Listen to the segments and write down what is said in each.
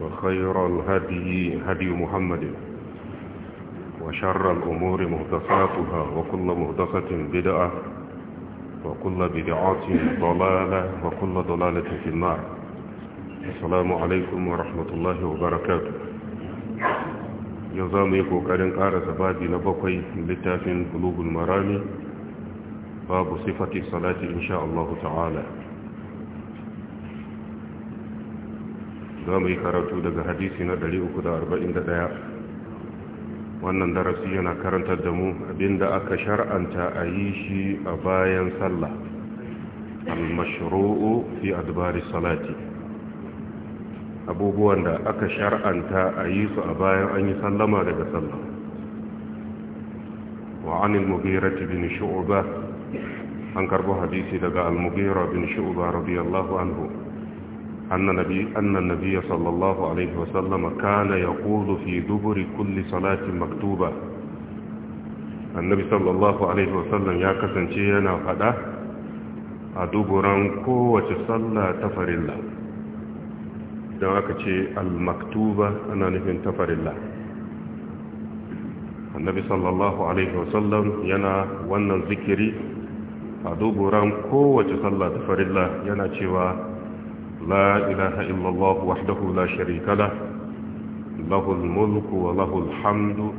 وخير الهدي هدي محمد وشر الأمور مهدفاتها وكل مهدفة بدعة وكل بدعة ضلالة وكل ضلالة في النار السلام عليكم ورحمة الله وبركاته يزامي قوكارن قارة بادي لبقي لتافين قلوب المرامي باب صفة الصلاة إن شاء الله تعالى za mu yi karatu daga hadisi na 341 wannan darasi yana karantar da mu abinda aka shar'anta a yi shi a bayan sallah al-mashru'u fi adbari salati abubuwan da aka shar'anta a yi su a bayan an yi sallama daga sallah wa anil mughirati bin shu'ba an karbo hadisi daga al-mughira bin shu'ba radiyallahu anhu أن النبي أن النبي صلى الله عليه وسلم كان يقول في دبر كل صلاة مكتوبة النبي صلى الله عليه وسلم يا كسنجينا فدا أدبران قوة صلى تفر الله idan aka ce almaktuba ana nufin tafarillah annabi sallallahu alaihi wasallam yana wannan zikiri a duburan kowace sallah tafarillah yana cewa لا إله إلا الله وحده لا شريك له له الملك وله الحمد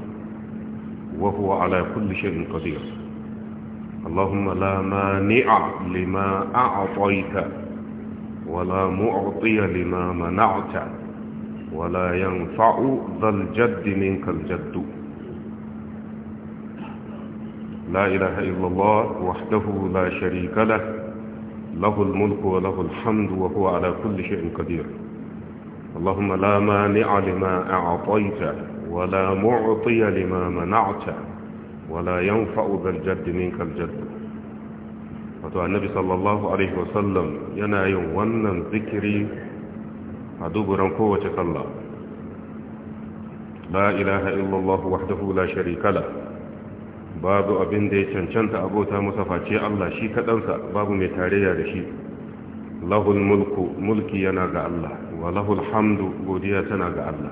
وهو على كل شيء قدير اللهم لا مانع لما أعطيت ولا معطي لما منعت ولا ينفع ذا الجد منك الجد لا إله إلا الله وحده لا شريك له له الملك وله الحمد وهو على كل شيء قدير اللهم لا مانع لما أعطيت ولا معطي لما منعت ولا ينفع ذا الجد منك الجد فتوى النبي صلى الله عليه وسلم ينا يوانا ذكري عدوب رنكو وتك الله لا إله إلا الله وحده لا شريك له babu abin da ya cancanta abota masa face Allah shi kaɗansa babu mai tarayya da shi lahul mulku mulki yana ga Allah wa lahul hamdu godiya tana ga Allah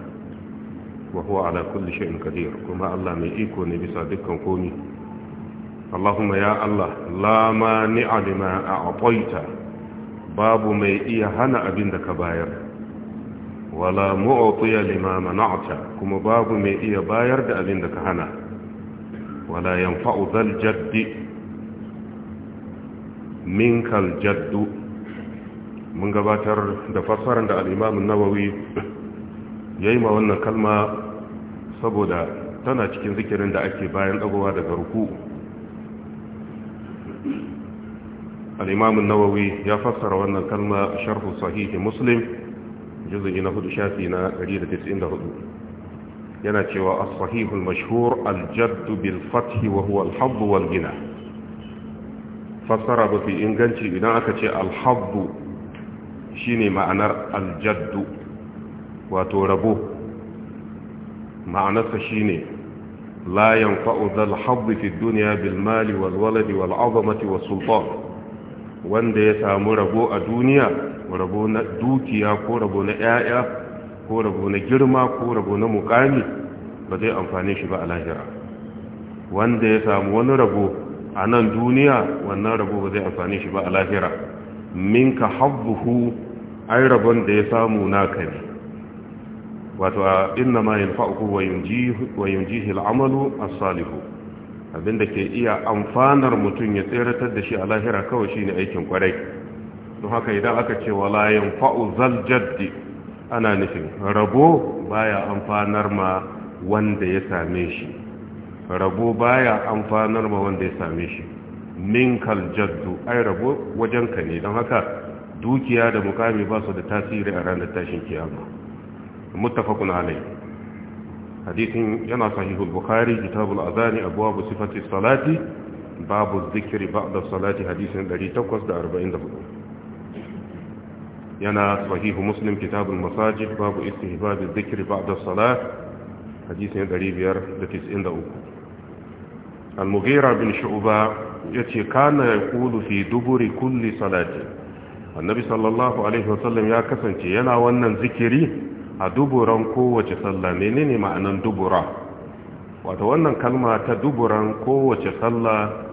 wa huwa ala kulli shay'in qadir kuma Allah mai iko ne bisa dukkan komi Allahumma ya Allah la mani'a lima a'taita babu mai iya hana abin da ka bayar wala mu'tiya lima mana'ta kuma babu mai iya bayar da abin da ka hana wala ينفع zal jaddi منك jaddu mun gabatar da fassarar da al-Imam an-Nawawi wannan kalma saboda tana cikin zikirin da ake bayan dagowa daga ruku'u الإمام النووي ya وأن wannan kalma صحيح sahihi muslim إنه na hudu shafi na yana cewa as mashhur aljaddu jadd bil fath wa huwa al-hadd wal fassara mafi inganci idan aka ce al-hadd shine ma'anar aljaddu wato rabo ma'anarsa shine la yanfa'u dhal hadd fi dunya bil mali wal waladi wal 'azamati was sultan wanda ya samu rabo a duniya rabo na dukiya ko rabo na 'ya'ya ko rabo na girma ko rabo na mukami ba zai amfane shi ba a lahira wanda ya samu wani rabo a nan duniya wannan rabo ba zai amfane shi ba a lahira minka habbuhu ai rabon da ya samu naka ne wato a inna ma yanfa'uhu wa yunjihi al'amalu a salihu abinda ke iya amfanar mutum ya tseratar da shi a lahira kawai shine aikin kwarai don haka idan aka ce wala yanfa'u zal jaddi ana nufin rabo baya amfanar ma wanda ya same shi rabo baya amfanar ma wanda ya same shi minkal jaddu ai rabo wajenka ne don haka dukiya da mukami ba su da tasiri a ranar tashin kiyama muttafaqun alai hadithin yana sahihul bukhari kitabul azani abwabu sifati salati babu zikri ba'da salati hadisin 844 yana sahihu muslim kitabul masajid babu istihbab dhikri ba'da as-salah 593 al-mughira bin shu'ba yace kana yaqulu fi duburi kulli salati annabi sallallahu alaihi wasallam ya kasance yana wannan zikiri a duburan kowace sallah menene ma'anan dubura wato wannan kalma ta duburan kowace sallah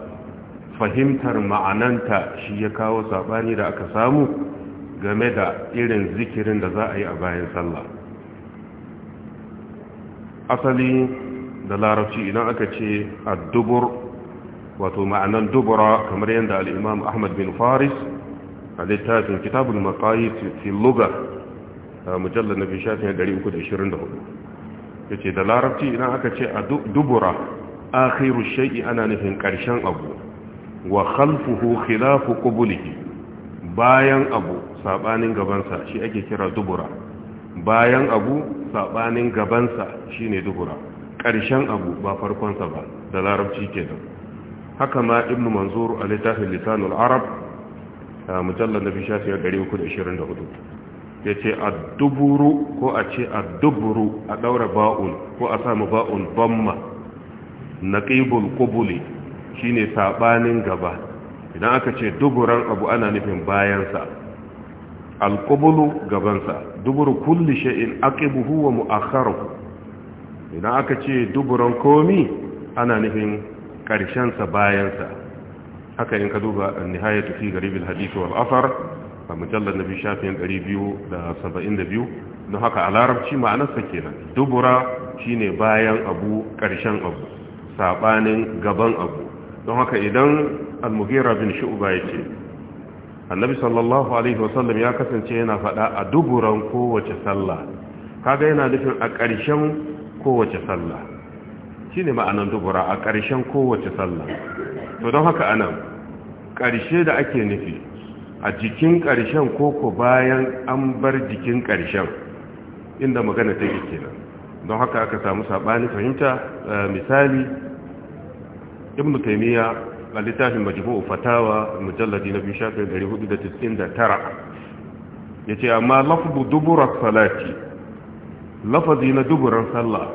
fahimtar ma'ananta shi ya kawo sabani da aka samu game da irin zikirin da za a yi a bayan sallah asali da larabci idan aka ce a dubur wato ma'anan dubura kamar yadda al'imam ahmad bin faris a littafin kitabun makayi filuga a mujallar na bishafin 324 ya ce da larabci idan aka ce a dubura akhiru shai'i ana nufin karshen abu wa khalfuhu khilafu qubulihi bayan abu sabanin gabansa shi ake kira dubura bayan abu sabanin gabansa shi ne dubura ƙarshen abu ba farkonsa ba da larabci ke kenan haka ma ibn manzuru a littafin lisanul arab a mujallar na bishafi a 324 ya ce a duburu ko a ce a duburu a ɗaura ba'un ko a samu ba'un bamma na ƙibul ƙubuli ne saɓanin gaba idan aka ce duburan abu ana nufin bayansa alqubulu gabansa duburu kulli shay'in aqibuhu wa mu'akharuhu idan aka ce duburan komi ana nufin karshen sa bayan sa haka in ka duba nihayatu fi garibil hadith wal athar a mujallal nabi shafin 272 don haka a larabci ma'anarsa kenan dubura shine bayan abu karshen abu sabanin gaban abu don haka idan al-mughira bin shu'ba yake annabi sallallahu alaihi wasallam ya kasance yana faɗa a duburan kowace sallah kaga yana nufin a ƙarshen kowace sallah shine ma'anan dubura a ƙarshen kowace sallah to don haka anan ƙarshe da ake nufi a jikin ƙarshen koko bayan an bar jikin ƙarshen inda magana take kenan don haka aka samu saɓani fahimta eh, misali ibn taymiya a littafin majmu'u fatawa mujalladi na biyu 499 ya ce amma lafzu duburar salati lafazi na duburar sallah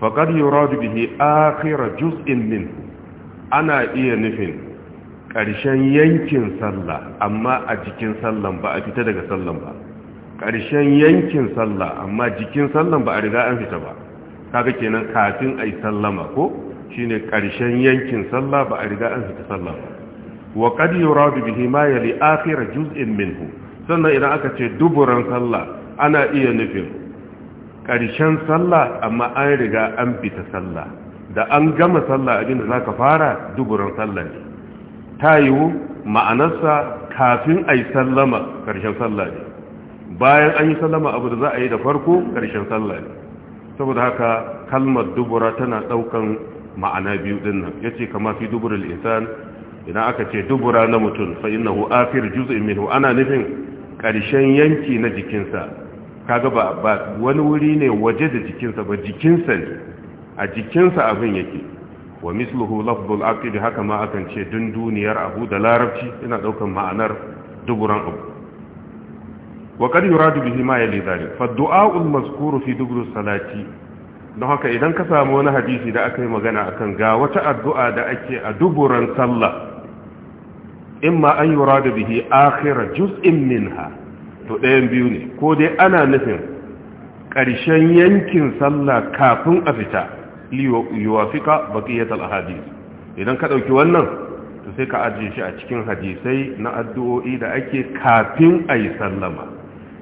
faƙar yuradu bihi akhira juz'in min ana iya nufin ƙarshen yankin sallah amma a jikin sallan ba a fita daga sallan ba ƙarshen yankin sallah amma jikin sallan ba a riga an fita ba kaga kenan kafin yi sallama ko shine ƙarshen yankin sallah ba a riga an fita sallah wa qad yuradu bihi ma yali akhir juz'in minhu sannan idan aka ce duburan sallah ana iya nufin ƙarshen sallah amma an riga an fita sallah da an gama sallah abin da zaka fara duburan sallah ne ta yiwu ma'anarsa kafin a sallama ƙarshen sallah ne bayan an yi sallama abu da za a yi da farko ƙarshen sallah ne saboda haka kalmar dubura tana ɗaukan ma'ana biyu din nan yace kama fi duburul insan idan aka ce dubura na mutum fa innahu akhir juz'in minhu ana nufin karshen yanki na jikinsa kaga ba ba wani wuri ne waje da jikinsa ba jikinsa ne a jikinsa abin yake wa misluhu lafdul aqid haka ma akan ce dun duniyar abu da larabci ina daukan ma'anar duburan abu wa qad yuradu bihi ma yali dhalik fa du'a al mazkuru fi dubur salati don haka idan ka samu wani hadisi da aka yi magana akan ga wata addu'a da ake a duburan sallah imma an yura da bihi akhira juz'in minha to ɗayan biyu ne ko dai ana nufin ƙarshen yankin sallah kafin a fita liwafika a ahadith idan ka ɗauki wannan to sai ka ajiye shi a cikin hadisai na addu'o'i da ake kafin ayi sallama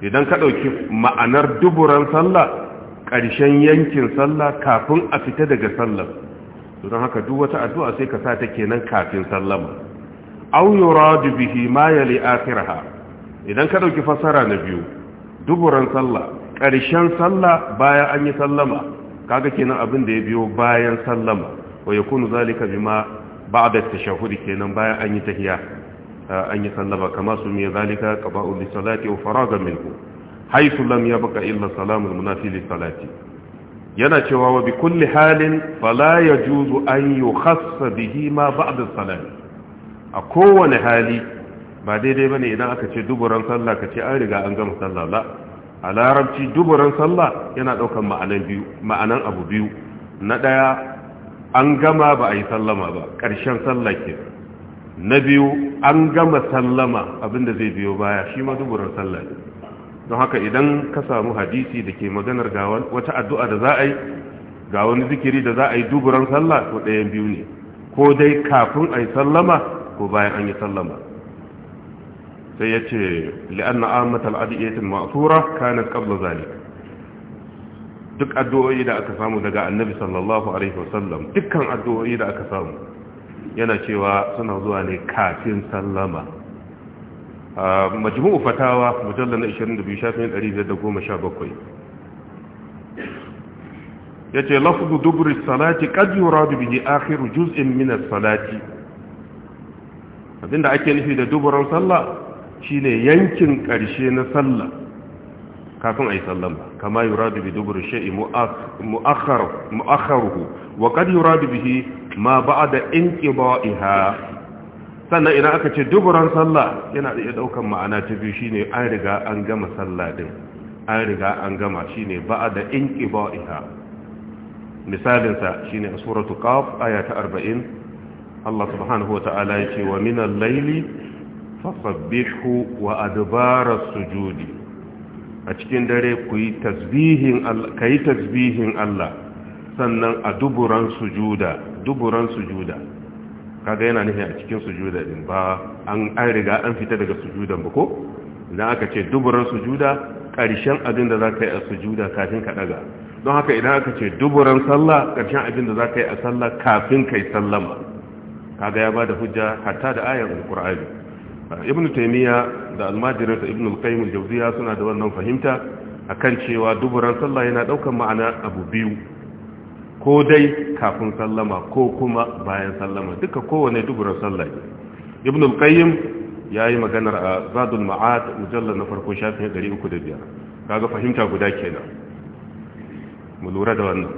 idan ka ɗauki ma'anar duburan sallah ƙarshen yankin sallah kafin a fita daga sallah don haka duk wata addu'a sai ka sa ta kenan kafin sallama au yuradu bihi ma yali idan ka dauki fasara na biyu duburan sallah ƙarshen sallah bayan an yi sallama kaga kenan abin da ya biyo bayan sallama wa yakunu zalika bima ba'da tashahhud kenan bayan an yi tahiyya eh, an yi sallama kama su me zalika qaba'u li salati wa faraga minhu haisu lam ya baka illa salamul munafiqi salati yana cewa wa bi kulli halin fala yajuzu an yukhassa bihi ma ba'da salati a kowane hali ba daidai bane idan aka ce duburan sallah ka ce an riga an gama sallah la a larabci duburan sallah yana daukan ma'anan biyu ma'anan abu biyu na daya an gama ba a yi sallama ba karshen sallah ke na biyu an gama sallama abinda zai biyo baya shi ma duburan sallah don haka idan ka samu hadisi da ke maganar ga wata addu'a da za a yi ga wani zikiri da za a yi duburan sallah ko ɗayan biyu ne ko dai kafin a yi sallama ko bayan an yi sallama sai ya ce li'anna amatal adiyyatin ma'asura kanat qabla zalika duk addu'o'i da aka samu daga annabi sallallahu alaihi wasallam dukkan addu'o'i da aka samu yana cewa suna zuwa ne kafin sallama majmu'u fatawa mujalla na 22 shafin 517 yace lafzu dubri salati qad yuradu bihi akhiru juz'in min as-salati abinda ake nufi da duburan sallah shine yankin karshe na sallah kafin ayi sallah kama yuradu bi dubri shay'i mu'akhkhar mu'akhkharuhu wa qad yuradu bihi ma ba'da inqida'iha sannan idan aka ce duburan sallah yana da iya daukan ma'ana ta biyu ne, an riga an gama sallah din an riga an gama shine ba'a da inqiba'iha Misalinsa shi shine a suratu qaf aya ta Allah subhanahu wata'ala yace wa minal layli fasabbihu wa adbara sujudi a cikin dare ka yi tasbihin tasbihin Allah sannan a duburan sujuda duburan sujuda kaga yana nufi a cikin sujuda din ba an an riga an fita daga sujudan ba ko idan aka ce duburan sujuda ƙarshen abin da za ka yi a sujuda kafin ka daga don haka idan aka ce duburan sallah ƙarshen abin da za ka yi a sallah kafin ka yi sallama kaga ya ba da hujja hatta da ayar alkur'ani ibn taymiya da almajirinsa ibn alqayyim suna da wannan fahimta akan cewa duburan sallah yana daukan ma'ana abu biyu ko dai kafin sallama ko kuma bayan sallama duka kowane duburan sallah ibn al-qayyim yayi maganar a zadul ma'ad mujallal na farko shafin 305 kaga fahimta guda kenan mu lura da wannan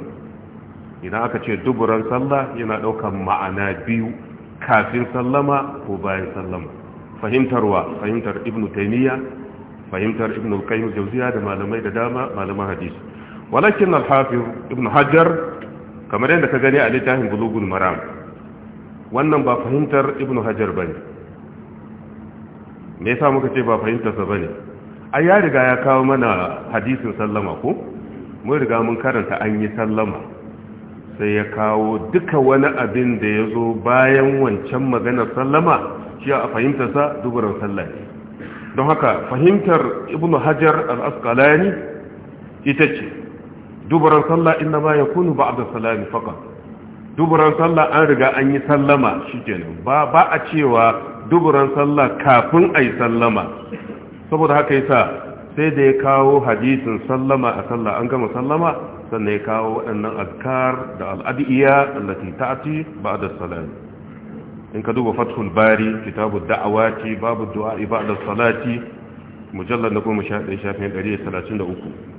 idan aka ce duburan sallah yana daukan ma'ana biyu kafin sallama ko bayan sallama fahimtarwa fahimtar ibn taymiya fahimtar ibn al-qayyim jawziya da malamai da dama malaman hadisi walakin al-hafiz ibn hajar kamar yadda ka gani a littafin bulugul maram wannan ba fahimtar ibnu hajar bane me yasa muka ce ba fahimtarsa sa bane ai ya riga ya kawo mana hadisin sallama ko mun riga mun karanta an yi sallama sai ya kawo duka wani abin da ya zo bayan wancan maganar sallama shi a fahimtarsa duburan sallah don haka fahimtar ibnu hajar al-asqalani ita ce dubaran sallah inna ma yakunu ba'da salami faqat dubaran sallah an riga an yi sallama shikenan ba ba a cewa dubaran sallah kafin ayi sallama saboda haka yasa sai da ya kawo hadisin sallama a sallah an gama sallama sannan ya kawo waɗannan azkar da al'adiyya allati ta'ti ba'da salami in ka duba fathul bari kitabu da'awati babu du'a ba'da salati mujallad na 11 shafin 133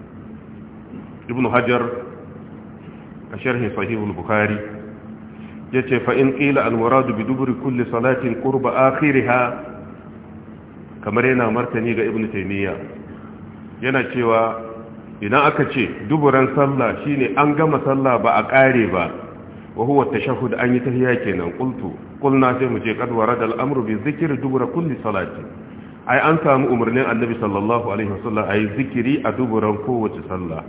ibn hajar a sharhin sahihul bukhari ya ce fa'in ƙila almuradu bi duburi kulli salatin ƙurba akhiriha kamar yana martani ga ibn taimiyya yana cewa ina aka ce duburan sallah shine an gama sallah ba a ƙare ba wa huwa tashahhud an yi tahiyya kenan qultu qulna sai mu ce qad da al-amru bi zikiri dubura kulli salatin. ai an samu umarnin annabi sallallahu alaihi wasallam yi zikiri a duburan kowace sallah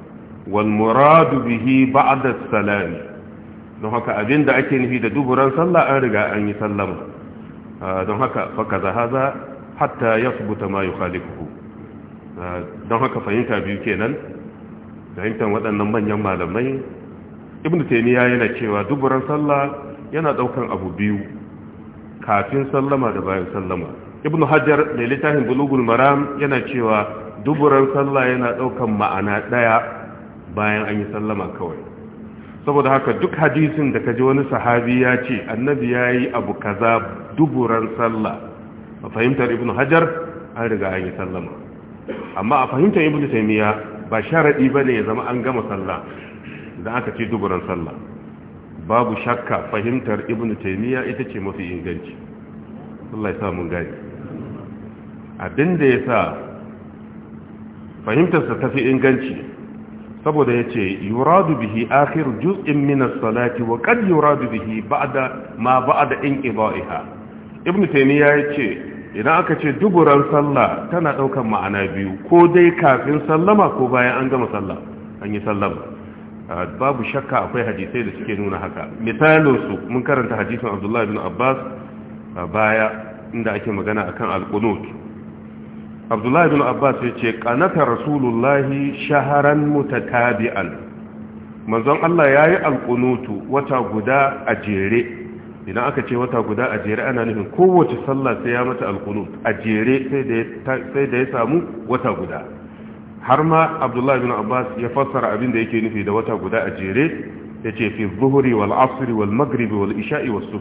wal muradu bihi ba'da salami don haka abinda ake nufi da duburan sallah an riga an yi sallama ah, don haka faka zahaza hatta yasbuta ma yukhalifuhu ah, don haka fahimta biyu kenan fahimtar waɗannan manyan malamai ibn taymiya yana cewa duburan sallah yana daukan abu biyu kafin sallama da bayan sallama ibn hajar da littafin bulugul maram yana cewa duburan sallah yana ɗaukan ma'ana ɗaya. bayan an yi sallama kawai saboda haka duk hadisin da kaji wani sahabi ya ce annabi ya yi abu kaza duburan sallah a fahimtar ibn hajar an riga an yi sallama amma a fahimtar ibn taimiyya ba sharaɗi ba ne ya zama an gama sallah idan aka ce duburan sallah babu shakka fahimtar ibn taimiyya ita ce mafi inganci Allah ya sa mun gani abinda ya sa fahimtarsa ta fi inganci saboda yace yuradu bihi akhir juz'in min as-salati wa qad yuradu bihi ba'da ma ba'da inqida'iha ibn taymiya yace idan aka ce duburan sallah tana daukan ma'ana biyu ko dai kafin sallama ko bayan an gama sallah an yi sallama ah, babu shakka akwai hadisai da suke nuna haka misalinsu mun karanta hadisin abdullahi bin abbas ah, baya inda ake magana akan al-qunut abdullahi bin abbas ya ce ƙanata rasulullahi shaharan mutatabi'an manzon Allah ya yi alkunutu wata guda a jere idan aka ce wata guda a jere ana nufin kowace sallah sai ya mata alkunut a jere sai da ya samu wata guda har ma abdullahi bin abbas ya fassara abin da yake nufi da wata guda a jere ya ce fi zuhuri wal asiri wal magribi wal isha'i wasu.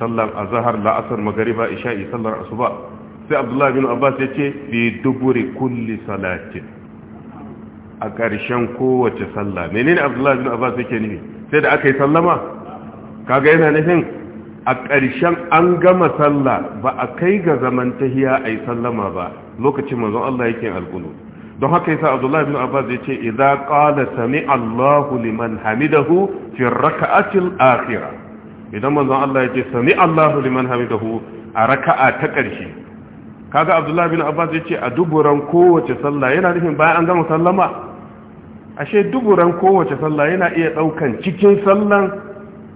sallar azahar la'asar magariba isha'i sallar asuba sai abdullahi bin abbas ya ce bi duburi kulli salatin a ƙarshen kowace sallah menene abdullahi bin abbas yake nufi sai da aka yi sallama kaga yana nufin a ƙarshen an gama sallah ba a kai ga zaman tahiya a yi sallama ba lokacin manzon Allah yake alƙulu don haka yasa abdullahi bin abbas ya ce idza qala sami Allahu liman hamidahu fi raka'atil akhirah idan manzon Allah ya ce sami Allahu liman hamidahu a raka'a ta ƙarshe kaga abdullahi bin abbas ya ce a duburan kowace sallah yana nufin bayan an gama sallama ashe duburan kowace sallah yana iya daukan cikin sallan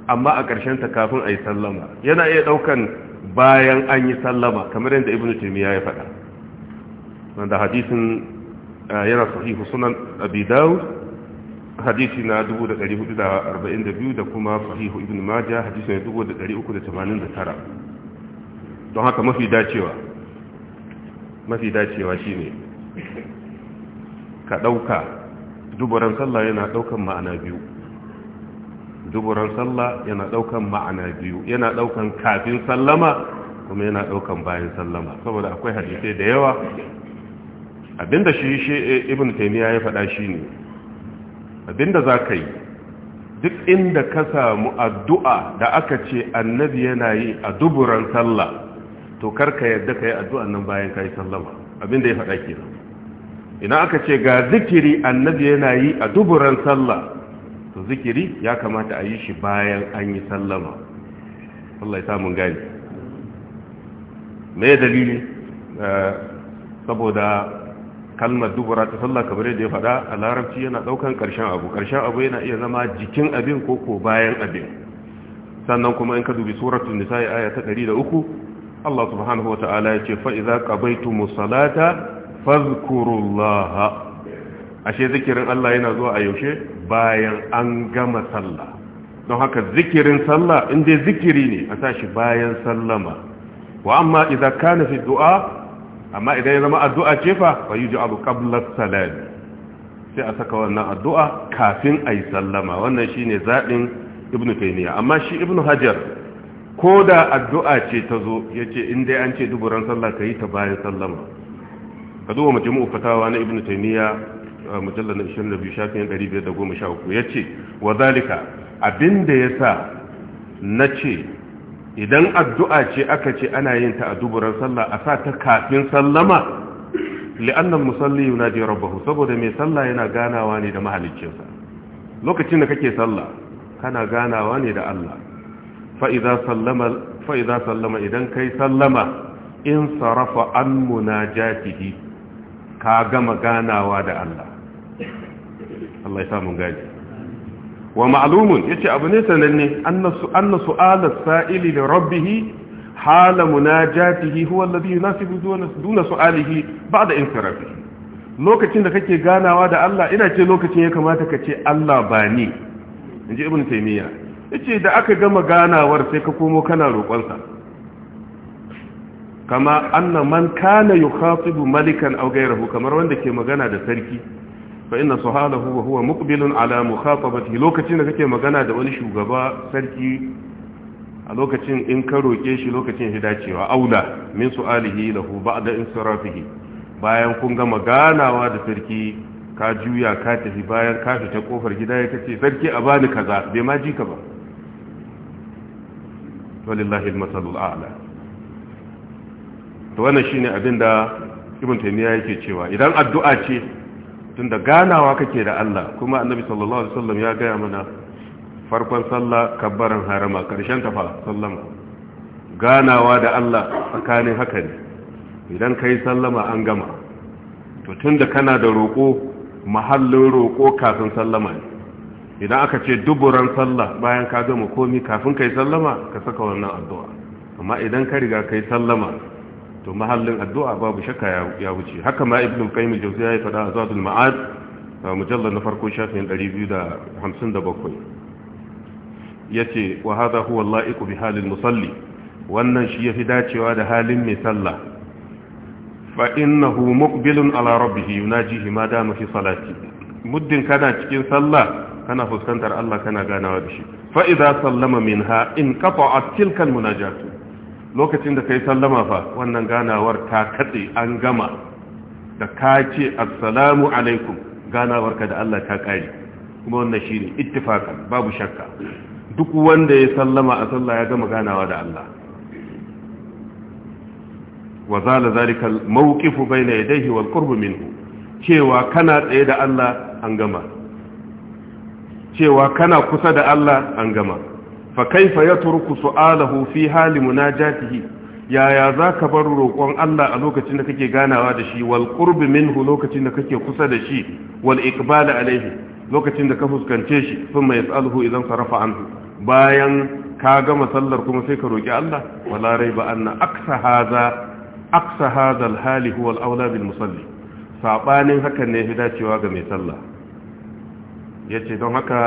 amma a ƙarshen ta kafin a yi sallama yana iya daukan bayan an yi sallama kamar yadda ibnu timiya ya faɗa wanda hadisin yana sahihu sunan abi dawud hadisi na 1442 da kuma sahihu ibn majah hadisi na 1389 don haka mafi dacewa mafi dacewa shine ka ɗauka duburan sallah yana ɗaukan ma'ana biyu duburan sallah yana ɗaukan ma'ana biyu yana ɗaukan kafin sallama kuma yana ɗaukan bayan sallama saboda akwai hadisai da yawa abinda shi shi eh, ibn taymiya ya faɗa shi ne. abinda za ka yi duk inda ka samu addu'a da aka ce annabi yana yi a duburan sallah to karka yadda ka yi addu'an nan bayan ka yi sallama abinda ya faɗa ke. Ina aka ce ga zikiri annabi yana yi a duburan sallah to zikiri ya kamata a yi shi bayan an yi sallama Allah ya samun gani me dalili eh, saboda kalmar dubura ta sallah kamar yadda ya faɗa a larabci yana ɗaukan ƙarshen abu ƙarshen abu yana iya zama jikin abin ko ko bayan abin sannan kuma in ka dubi suratun nisa'i aya ta 103 Allah subhanahu wa ta'ala ya ce fa'iza ƙabaitu musalata fazkurullaha ashe zikirin Allah yana zuwa a yaushe bayan an gama sallah don haka zikirin sallah inda zikiri ne a tashi bayan sallama wa amma idza kana fi du'a amma idan ya zama addu'a ce fa yi yuj'alu abu as-salam sai a saka wannan addu'a kafin ayi sallama wannan shine zaɓin ibnu taymiya amma shi ibnu hajar ko da addu'a ce ta zo ya ce in dai an ce duburan sallah ka yi ta bayan sallama ka duba wa majmu'u fatawa na ibnu taymiya mujallal na 22 shafin ya ce wa zalika abinda ya sa na ce idan addu'a ce aka ce ana yin ta a duburan sallah a sa ta kafin sallama li'annan musalli yunaji rabbahu saboda mai sallah yana ganawa ne da mahaliccinsa lokacin da kake sallah kana ganawa ne da Allah fa'iza sallama idan kai sallama in sarrafa an munajatihi ka gama ganawa da Allah Allah ya samu gaji wa ma'alumun ya ce abu ne sananne an na su’ala sa'ili da rabbihi hala munajatihi huwa na fi duna su'alihi ba'da sarrafi lokacin da kake ganawa da Allah ina ce lokacin ya kamata ka ce Allah ba ni inji ibnu Taymiyyah. yace da aka gama ganawar sai ka komo kana roƙonsa kama anna man kana yukhatibu malikan aw ghayrahu kamar wanda ke magana da sarki fa inna suhalahu wa huwa muqbilun ala mukhatabatihi lokacin da kake magana da wani shugaba sarki a lokacin in ka roke shi lokacin shi dacewa aula min su'alihi lahu ba'da insirafihi bayan kun gama ganawa da sarki ka juya ka tafi bayan ka fita kofar gida ya kace sarki a bani kaza bai ma ji ka ba walillahi al a'la to wannan shine abinda ibn taymiya yake cewa idan addu'a ce tunda ganawa kake da Allah kuma annabi sallallahu alaihi wasallam ya ga mana farkon sallah kabbaran harama karshen ta fa sallama ganawa da Allah tsakanin haka ne idan kai sallama an gama to tunda kana da roko mahallin roko kafin sallama ne idan aka ce duburan sallah bayan ka gama komi kafin ka yi sallama ka saka wannan addu'a amma idan ka riga yi sallama to mahallin addu'a babu shakka ya wuce haka ma ibnu qayyim al-jawziyya ya faɗa azadul ma'ad mujallal na farko shafin 257 yace wa hadha huwa al bi halil musalli wannan shi yafi dacewa da halin mai sallah fa innahu muqbilun ala rabbih yunajihi ma dama fi salati muddin kana cikin sallah kana fuskantar Allah kana ganawa da shi fa idza sallama minha in qata'at tilka almunajat lokacin da kai sallama fa wannan ganawar ta katse an gama da ka ce assalamu alaikum ganawarka da Allah ta kare kuma wannan shine ittifaqan babu shakka duk wanda ya sallama a sallah ya gama ganawa da Allah wa zala zalika almawqifu bayna yadayhi wal minhu cewa kana tsaye da Allah an gama cewa kana kusa da Allah an gama fa kaifa yatruku su'alahu fi hali munajatihi yaya zaka bar roƙon Allah a lokacin da kake ganawa da shi wal qurb minhu lokacin da kake kusa da shi wal iqbal alayhi lokacin da ka fuskance shi mai yas'aluhu idan sarafa anhu bayan ka gama sallar kuma sai ka roƙi Allah wala raiba anna aksa hadha aksa hadha al hali huwa al bil musalli sabanin hakan ne fi dacewa ga mai sallah ya ce don haka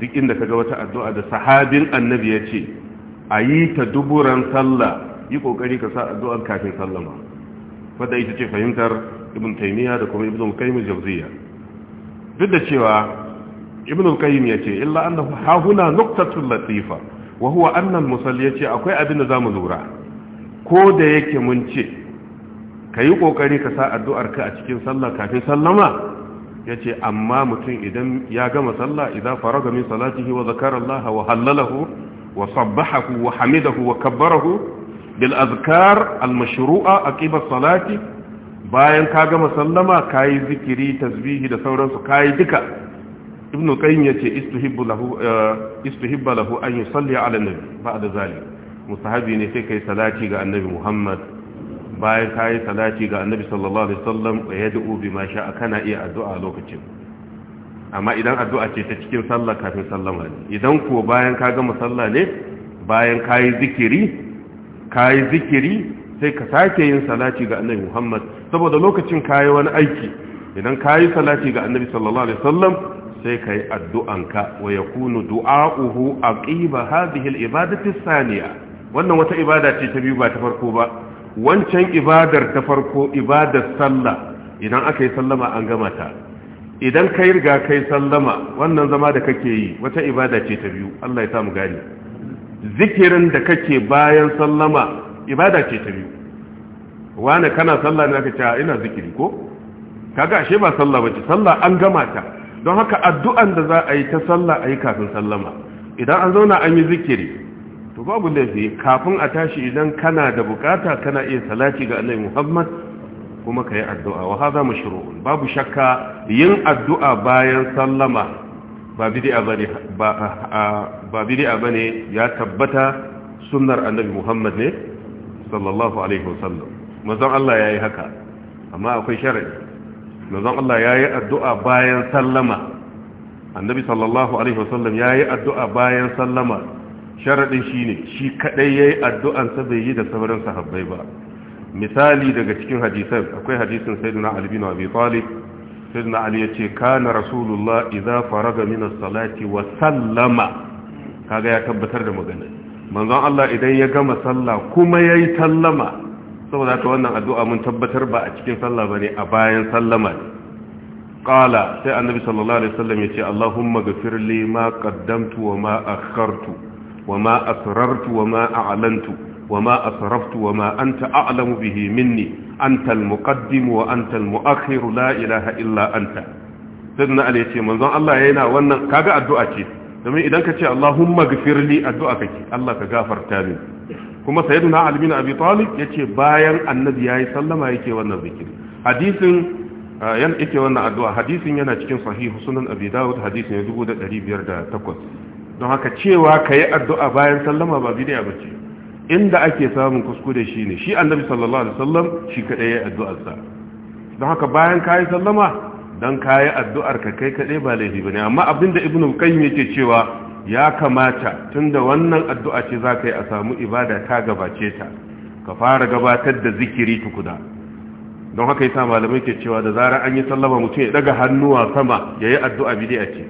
duk inda ka ga wata addu'a da sahabin annabi ya ce a yi ta duburan sallah yi ƙoƙari ka sa addu'ar kafin sallama wadda ita ce fahimtar ibn taimiyya da kuma ibn al-qayyim jawziya duk da cewa ibn al-qayyim ya ce illa an ha huna nuqtatun latifa wa huwa annal musalli ya ce akwai abin da mu lura ko da yake mun ce ka yi ƙoƙari ka sa addu'ar ka a cikin sallah kafin sallama Ya ce amma mutum idan ya gama sallah idan faraga min salatihi wa zakara Allah wa hallalahu wa sabbahahu wa hamidahu wa kabbarahu bil azkar al mashru'a aqiba salati bayan ka gama sallama kai zikiri tasbihi da sauransu kai duka ibn qayyim yace istuhibbu lahu eh, istuhibba lahu an yusalli ala nabi ba'da zalik mustahabi ne sai kai salati ga annabi Muhammad bayan ka yi salati ga annabi sallallahu alaihi wasallam wa yad'u bima sha'a kana iya addu'a lokacin amma idan addu'a ce ta cikin sallah kafin sallama ne idan ko bayan ka gama sallah ne bayan ka yi zikiri kayi zikiri sai ka sake yin salati ga annabi Muhammad saboda lokacin ka wani aiki idan ka yi salati ga annabi sallallahu alaihi wasallam sai ka yi addu'anka wa yakunu du'a'uhu aqiba hadhihi al-ibadati thaniya wannan wata ibada ce ta biyu ba ta farko ba wancan ibadar ta farko ibadar sallah idan aka yi sallama an gama ta idan ka yi riga kai sallama wannan zama da kake yi wata ibada ce ta biyu Allah ya sa mu gani zikirin da kake bayan sallama ibada ce ta biyu wani kana sallah ne aka ce ina zikiri ko kaga ashe ba sallah bace sallah an gama ta don haka addu'an da za a yi ta sallah a yi kafin sallama idan an zauna an yi zikiri to babu laifi kafin a tashi idan kana da bukata kana iya salati ga annabi Muhammad kuma kai addu'a wa hadha mashru'un babu shakka yin addu'a bayan sallama ba bid'a bane ba bid'a bane ya tabbata sunnar annabi Muhammad ne sallallahu alaihi wasallam manzon Allah yayi haka amma akwai sharadi manzon Allah yayi addu'a bayan sallama annabi sallallahu alaihi wasallam yayi addu'a bayan sallama sharaɗin shi ne shi kaɗai ya yi addu'ansa bai yi da sauran sahabbai ba misali daga cikin hadisan akwai hadisin sayyidina albino abi talib sayyidina ali ya ce kana rasulullah idza fara min as-salati wa sallama kaga ya tabbatar da magana manzon Allah idan ya gama sallah kuma ya yi sallama saboda ta wannan addu'a mun tabbatar ba a cikin sallah ne a bayan sallama qala sai annabi sallallahu alaihi wasallam ya ce allahumma ghfir ma qaddamtu wa ma akhartu wa ma asrartu wa ma a'lantu wa ma asraftu a ma anta a'lamu bihi minni anta al-muqaddim wa anta al-mu'akhir la ilaha illa anta sayyidina ali Allah yana wannan kaga addu'a ce domin idan ka ce Allahumma gfirli addu'a kake Allah ka gafarta min kuma sayyidina ali bin abi talib yace bayan annabi yayi sallama yake wannan zikiri hadisin yan yake wannan addu'a hadisin yana cikin sahihu sunan abi dawud hadisin ya 2508 don haka cewa ka yi addu'a bayan sallama ba bidiya ba ce inda ake samun kuskure shi ne shi annabi sallallahu alaihi wasallam shi kaɗai ya addu'arsa don haka bayan ka yi sallama don ka addu'ar ka kai kaɗai ba laifi ba ne amma da Ibnu qayyim yake cewa ya kamata tunda wannan addu'a ce za ka yi a samu ibada ta gabace ta ka fara gabatar da zikiri tukuna don haka yasa malamai ke cewa da zarar an yi sallama mutum ya daga hannuwa sama ya yi addu'a bid'a ce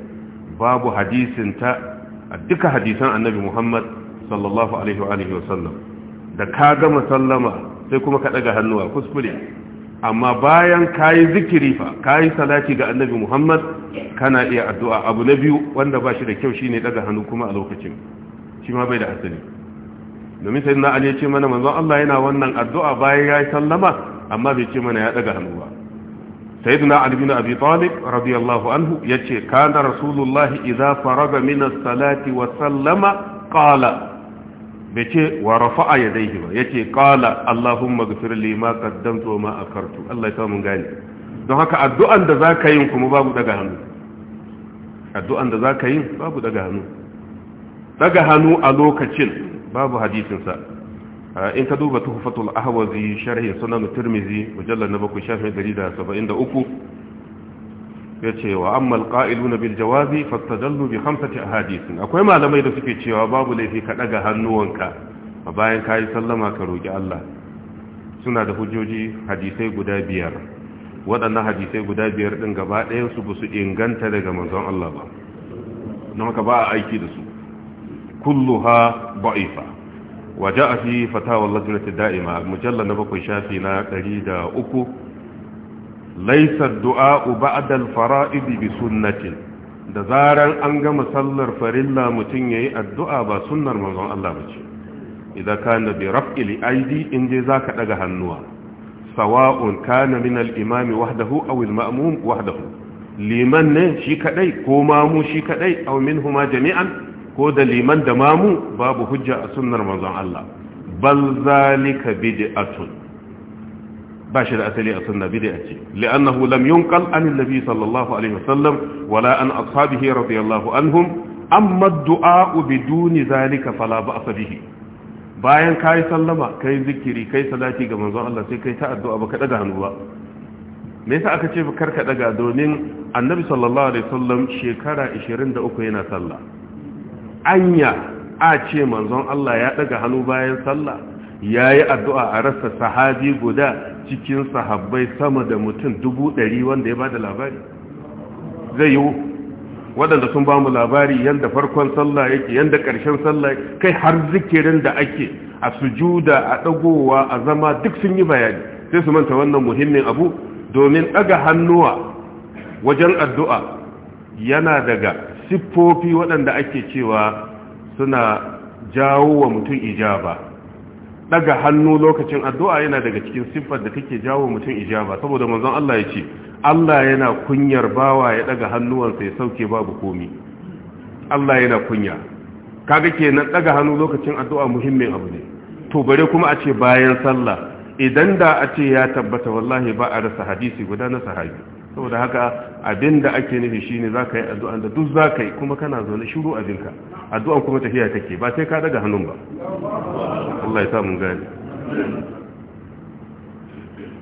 babu hadisin ta a duka hadisan annabi muhammad sallallahu alaihi wa alihi wasallam da ka gama sallama sai kuma ka daga hannuwa kuskure amma bayan kayi zikiri fa kayi salati ga annabi muhammad kana iya addu'a abu na biyu wanda ba shi da kyau shine daga hannu kuma a lokacin shi ma bai da asali domin sai na ali ya ce mana manzon Allah yana wannan addu'a bayan ya sallama amma bai ce mana ya daga hannu ba sayyidina ali bin abi talib radiyallahu anhu yace kana rasulullahi idza faraga min salati wa sallama qala bace wa rafa'a yadayhi ba yace qala allahumma ighfir li ma qaddamtu wa ma Allah ya samu gani don haka addu'an da zaka yin kuma babu daga hannu addu'an da zaka yin babu daga hannu daga hannu a lokacin babu hadisin in ka duba tuhfatul ahwazi sharhi sunan tirmizi mujallal na bakwai shafi ya yace wa amma na bil jawazi fastadallu bi khamsati ahadith akwai malamai da suke cewa babu laifi ka daga hannuwanka a bayan kai sallama ka roki Allah suna da hujjoji hadisai guda biyar waɗannan hadisai guda biyar ɗin gaba ɗayan su ba inganta daga manzon Allah ba don haka ba a aiki da su kulluha ba'ifa waje a fi fatawar lajinatu da'ima mujallar na bakwai shafi na ɗari da uku laisar du'a ba'dal fara'idi bi sunnatin da zarar an gama sallar farilla mutum yayi addu'a ba sunnar manzon Allah bace idan kana bi raf'il aidi in je zaka ɗaga hannuwa sawa'un kana min al-imam wahdahu aw al wahdahu liman ne shi kadai ko mamu shi kadai aw minhuma jami'an ko da liman da mamu babu hujja a sunnar manzon Allah bal zalika bid'atun ba shi da asali a sunna bid'a ce li'annahu lam yunqal an annabi sallallahu alaihi wasallam wala an ashabihi radiyallahu anhum amma ad-du'a biduni zalika fala ba'sa bihi bayan kai sallama kai zikiri kai salati ga manzon Allah sai kai ta addu'a baka daga hannu ba me yasa aka ce karka daga domin annabi sallallahu alaihi wasallam shekara 23 yana sallah anya a ce manzon Allah ya daga hannu bayan sallah ya yi addu'a a rasa sahabi guda cikin sahabbai sama da mutum dubu ɗari wanda ya ba da labari zai yiwu waɗanda sun ba mu labari yadda farkon sallah yake yadda ƙarshen sallah kai har zikirin da ake a sujuda a ɗagowa a zama duk sun yi bayani sai su manta wannan muhimmin abu domin ɗaga hannuwa wajen addu'a yana daga siffofi waɗanda ake cewa suna jawo wa mutum ijaba daga hannu lokacin addu'a yana daga cikin siffar da take jawo mutum ijaba saboda manzon Allah ya ce Allah yana kunyar bawa ya daga hannuwansa ya sauke babu komi Allah yana kunya kaga kenan daga hannu lokacin addu'a muhimmin abu ne to bare kuma a ce bayan sallah idan da a ce ya tabbata wallahi ba a rasa hadisi guda na sahabi saboda haka abin da ake nufi shine za ka yi addu'an da duk za ka yi kuma kana zaune shiru abinka addu'an kuma tafiya take ba sai ka daga hannun ba Allah ya sa mun gani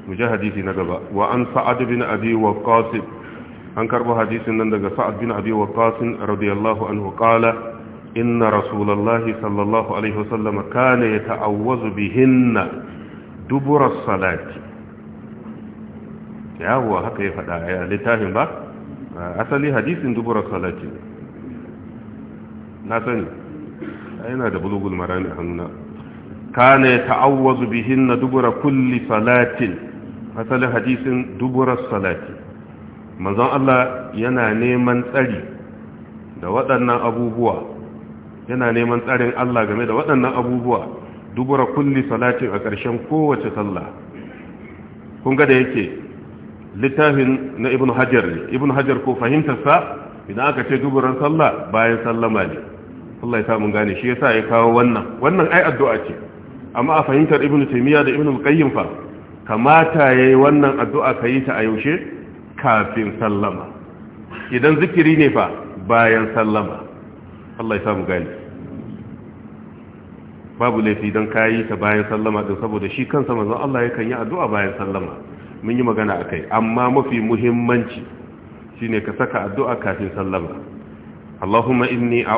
mujahadisi na gaba wa an sa'ad bin abi waqqas an karbo hadisin nan daga sa'ad bin abi waqqas radiyallahu anhu qala inna rasulallahi sallallahu alaihi kane ya yata'awwazu bihinna dubura salati yawwa haka ya faɗa a littafin ba asali hadisin dubura salati na sani yana da bulugul marami hannuna kana ya ta'awwazu bihin na dubura kulli salatin asali hadisin dubura salati manzon Allah yana neman tsari da waɗannan abubuwa yana neman tsarin Allah game da waɗannan abubuwa dubura kulli salatin a ƙarshen kowace sallah kun ga da yake littafin na ibn hajar ne ibn hajar ko fahimtarsa idan aka ce duburan sallah bayan sallama ne Allah ya sa mun gane shi yasa ya kawo wannan wannan ai addu'a ce amma a fahimtar ibn taymiya da ibn al-qayyim fa kamata yayi wannan addu'a kai ta a yaushe kafin sallama idan zikiri ne fa bayan sallama Allah ya sa mun gane babu laifi dan kai ta bayan sallama din saboda shi kansa manzon Allah yakan yi addu'a bayan sallama mun yi magana a kai amma mafi muhimmanci shine ka saka addu'a kafin sallama Allahumma inni a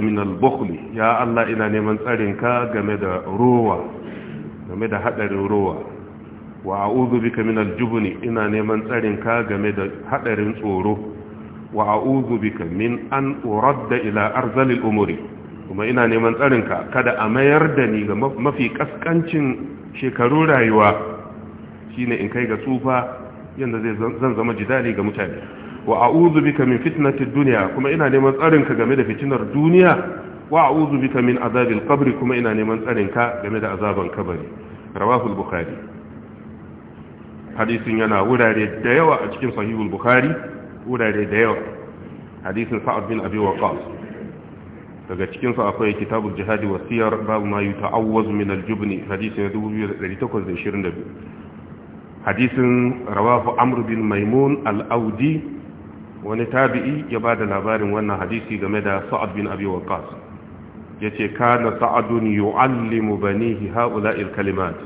min al bukuli ya Allah ina neman tsarinka game da rowa game da haɗarin rowa wa a min al jubuni ina neman tsarinka game da haɗarin tsoro wa a'udhu bika min an uradda ila arzalin umuri kuma ina neman tsarinka kada a mayar da ni ga mafi ƙasƙancin shekaru rayuwa shine in kai ga tsufa yanda zai zan zama jidali ga mutane wa a'udhu bika min fitnatid dunya kuma ina neman tsarin ka game da fitinar duniya wa a'udhu bika min azabil qabri kuma ina neman tsarin ka game da azaban kabari rawahu al-bukhari hadisin yana wurare da yawa a cikin sahihul bukhari wurare da yawa hadisin sa'ad bin abi waqas daga cikinsu akwai kitabul jihadi wasiyar babu ma yi ta'awwazu min aljubni hadisi na 2822 hadisin rawahu amr bin maimun al-audi wani tabi'i ya ba da labarin wannan hadisi game da sa'ad bin abi waqas yace kana sa'adun yu'allimu banihi ha'ula'il kalimat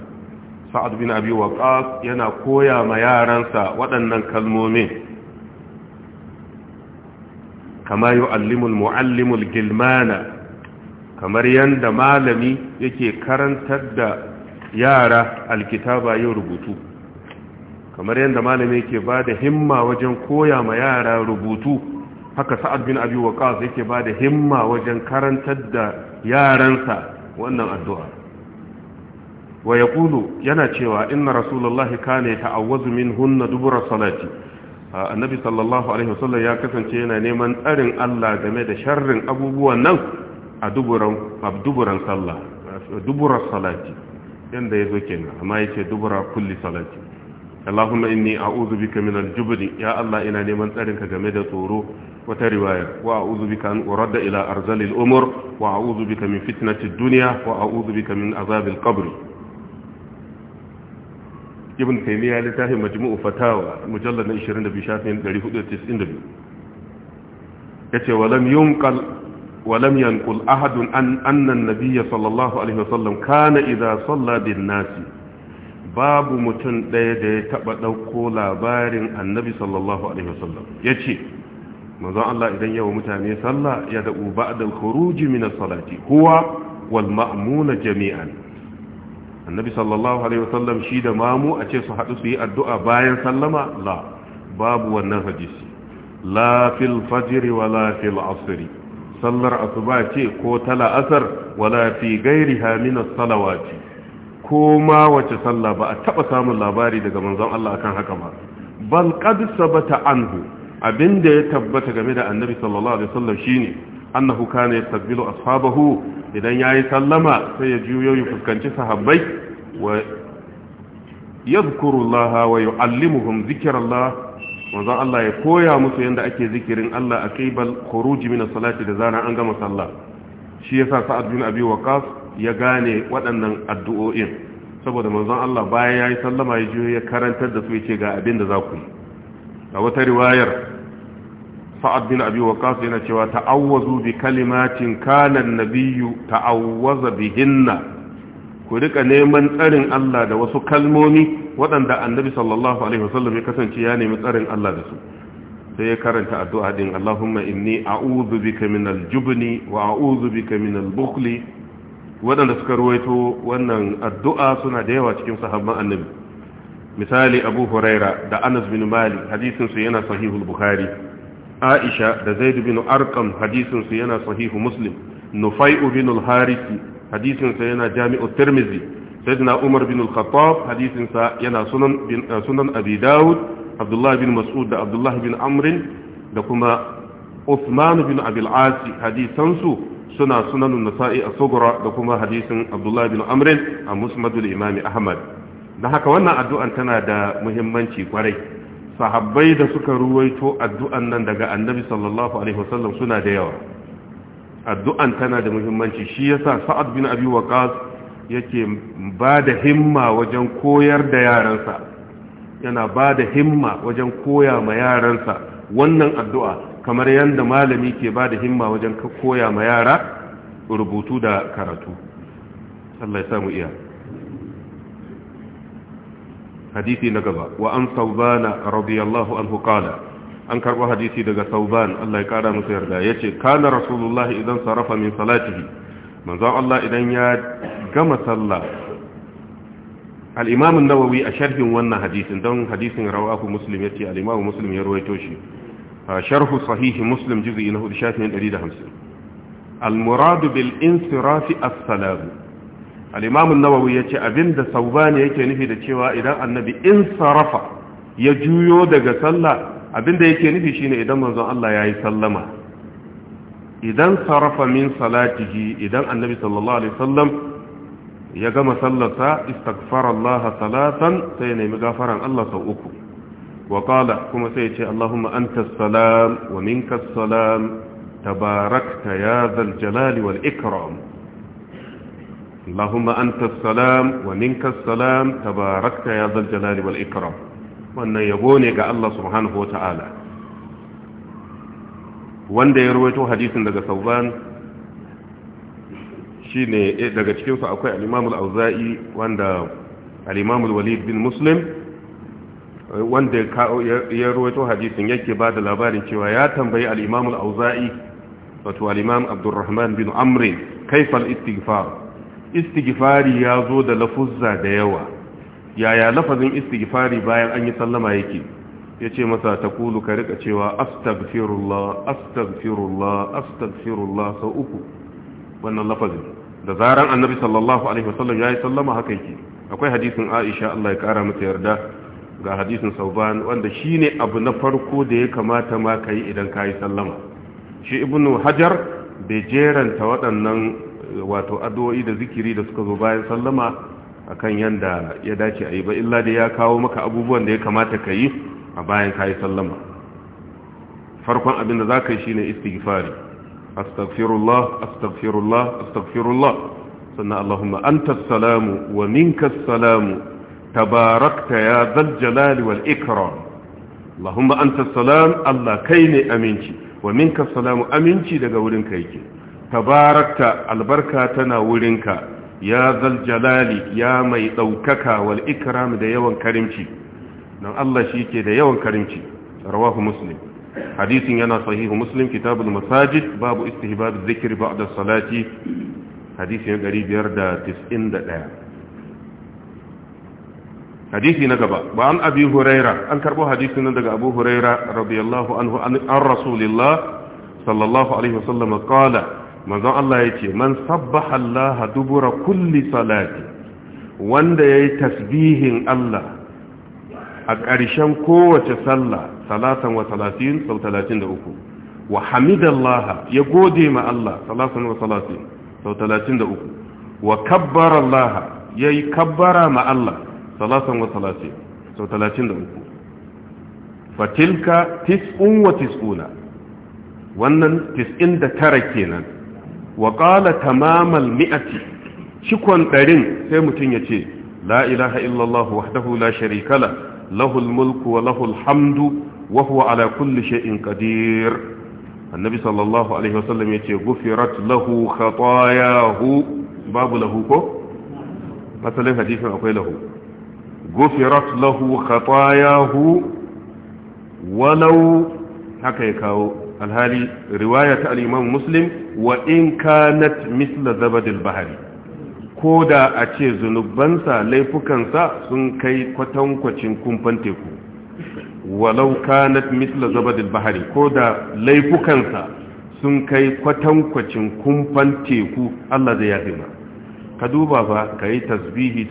sa'ad bin abi waqas yana koya ma yaransa waɗannan kalmomin kama yu'allimu al-mu'allimu al-gilmana kamar yanda malami yake karantar da yara alkitaba yin rubutu kamar yadda malami yake ba da himma wajen koya ma yara rubutu haka sa'ad bin abi waqas yake ba da himma wajen karantar da yaransa wannan addu'a wa yaqulu yana cewa inna rasulullahi kana ta'awwazu minhunna dubura salati annabi sallallahu alaihi wasallam ya kasance yana neman tsarin Allah game da sharrin abubuwan nan a duburan abduburan sallah duburar salati yanda yazo kenan amma yace dubura kulli salati اللهم إني أعوذ بك من الجبن يا الله إنا لمن ترنك جمد طورو وترواية وأعوذ بك أن أرد إلى أرزل الأمر وأعوذ بك من فتنة الدنيا وأعوذ بك من عذاب القبر ابن تيمية لتاهي مجموع فتاوى مجلد إشرين بشاتين لريف أتس إندبي يتي ولم ينقل ولم ينقل أحد أن, أن النبي صلى الله عليه وسلم كان إذا صلى بالناس babu mutum ɗaya da ya taɓa ɗauko labarin annabi sallallahu alaihi wasallam ya ce manzon Allah idan yawa mutane sallah ya da'u ba'da al-khuruji min as-salati huwa wal ma'muna jami'an annabi sallallahu alaihi wasallam shi da mamu a ce su haɗu su yi addu'a bayan sallama la babu wannan hadisi la fil fajr wala fil asr sallar asuba ce ko tala la'asar wala fi ghairiha min as-salawati ko ma wace sallah ba a taba samun labari daga manzon Allah akan haka ba bal qad sabata anhu abinda ya tabbata game da annabi sallallahu alaihi wasallam shine annahu kana yastabbilu ashabahu idan yayi sallama sai ya juyo ya fuskanci sahabbai wa yadhkuru Allah wa yuallimuhum dhikrallahi manzon Allah ya koya musu yanda ake zikirin Allah a bal khuruji min as-salati da zana an gama sallah shi yasa sa'ad bin abi waqas ya gane waɗannan addu'o'in saboda manzon Allah bayan ya yi sallama ya juyo ya karantar da su ya ce ga abin da za ku yi a wata riwayar sa'ad bin abi kasu yana cewa ta'awwazu bi kalimacin kanan nabiyu ta'awwaza bihinna ku rika neman tsarin Allah da wasu kalmomi waɗanda annabi sallallahu alaihi wasallam ya kasance ya nemi tsarin Allah da su sai ya karanta addu'a din Allahumma inni a'udhu bika min al-jubni wa a'udhu bika min al waɗanda suka ruwaito wannan addu'a suna da yawa cikin sahabban annabi misali abu huraira da anas bin mali hadisinsu yana sahihu bukhari aisha da zaid bin arkam hadisinsu yana sahihu muslim nufai'u bin al-harisi hadisinsa yana jami'u tirmizi sayyidina umar bin al-khattab hadisinsa yana sunan bin eh, sunan abi daud abdullah bin mas'ud da abdullah bin amr da kuma usman bin abil as hadisansu suna sunanun nasa'i a Sogora da kuma hadisin abdullahi bin amrin a musmadul imami ahmad Na haka wannan addu'an tana da muhimmanci kwarai sahabbai da suka ruwaito addu'an nan daga annabi sallallahu alaihi wasallam suna da yawa addu'an tana da muhimmanci shi yasa sa'ad bin abi waqas yake ba da himma wajen koyar da yaransa yana ba da himma wajen koya ma yaransa wannan addu'a kamar yadda malami ke ba da himma wajen koya ma yara rubutu da karatu Allah ya samu iya hadisi na gaba wa an saubana radiyallahu anhu qala an karbo hadisi daga sauban Allah ya kara masa yarda yace kana rasulullah idan sarafa min salatihi manzo Allah idan ya gama sallah al-imam an-nawawi a sharhin wannan hadisin don hadisin rawahu muslim yace al-imam muslim ya ruwaito shi sharhu sahihi muslim juzi na hudu shafin da al almuradu bil insirafi as-salamu al-imam an-nawawi yace abinda saubani yake nufi da cewa idan annabi insarafa ya juyo daga sallah abinda yake nufi shine idan manzon Allah yayi sallama idan sarafa min salatihi idan annabi sallallahu alaihi ya gama sallarsa istaghfara Allah salatan sai ya nemi gafaran Allah sau uku وقال كما سيتي اللهم أنت السلام ومنك السلام تباركت يا ذا الجلال والإكرام اللهم أنت السلام ومنك السلام تباركت يا ذا الجلال والإكرام وأن يبوني قال الله سبحانه وتعالى wanda ya حديث لك daga sauban shine daga cikinsu akwai al-imam al-auza'i wanda al-imam al-walid bin muslim wanda ya ruwaito hadisin yake ba da labarin cewa ya tambayi al-imam auzai wato al-imam abdurrahman bin amri kaifa al-istighfar istighfari ya zo da lafuzza da yawa yaya lafazin istighfari bayan an yi sallama yake ce masa ta kulu ka rika cewa astaghfirullah astaghfirullah astaghfirullah sau uku wannan lafazin da zaran annabi sallallahu alaihi wasallam yi sallama haka yake akwai hadisin Aisha Allah ya kara mata yarda ga hadisin sauban wanda shine abu na farko da ya kamata ma ka yi idan ka yi sallama shi ibnu hajar bai jeranta waɗannan wato addu'o'i da zikiri da suka zo bayan sallama akan yanda ya dace a yi ba illa da ya kawo maka abubuwan da ya kamata ka yi a bayan ka yi sallama farkon abin da za ka yi shi ne istighfari astaghfirullah astaghfirullah astaghfirullah sannan allahumma anta salamu wa minka salamu tabarakta ya zal jalali wal ikram Allahumma anta salam Allah kai ne aminci wa minka salamu aminci daga wurin ka yake tabarakta albarka tana wurinka ya zal ya mai ɗaukaka wal ikram da yawan karimci dan Allah shi ke da yawan karimci rawahu muslim hadisin yana sahihu muslim kitabul masajid babu istihbab zikri da salati hadisin ɗaya. hadisi na gaba ba an abi huraira an karbo hadisi nan daga abu huraira radiyallahu anhu an rasulillah sallallahu alaihi wasallam qala manzon Allah yace man sabbaha Allah dubura kulli salati wanda yayi tasbihin Allah a ƙarshen kowace sallah salatan wa salatin sau talatin da uku wa hamidallah ya gode ma Allah salatan wa salatin sau talatin da uku wa kabbar Allah ya yi kabbara ma Allah salasan wa salasi sau talatin da uku fatilka tis'un wa tis'una wannan tis'in da tara kenan wa ƙala tamamal mi'ati cikon ɗarin sai mutum ya ce la ilaha illallah wahdahu la sharikala lahul mulku wa lahul hamdu wa huwa ala kulli shay'in qadir annabi sallallahu alaihi wasallam ya ce gufirat lahu khatayahu babu lahu ko masalin hadisin akwai lahu gufirat lahu khatayahu walau haka ya kawo alhali riwaya ta al-imam muslim wa in kanat misla zabadil bahari ko da a ce zunubansa laifukansa sun kai kwatankwacin kumfan teku walau kanat misla zabadil bahari ko da laifukansa sun kai kwatankwacin kumfan teku Allah zai yafi ma ka duba ba ka yi tasbihi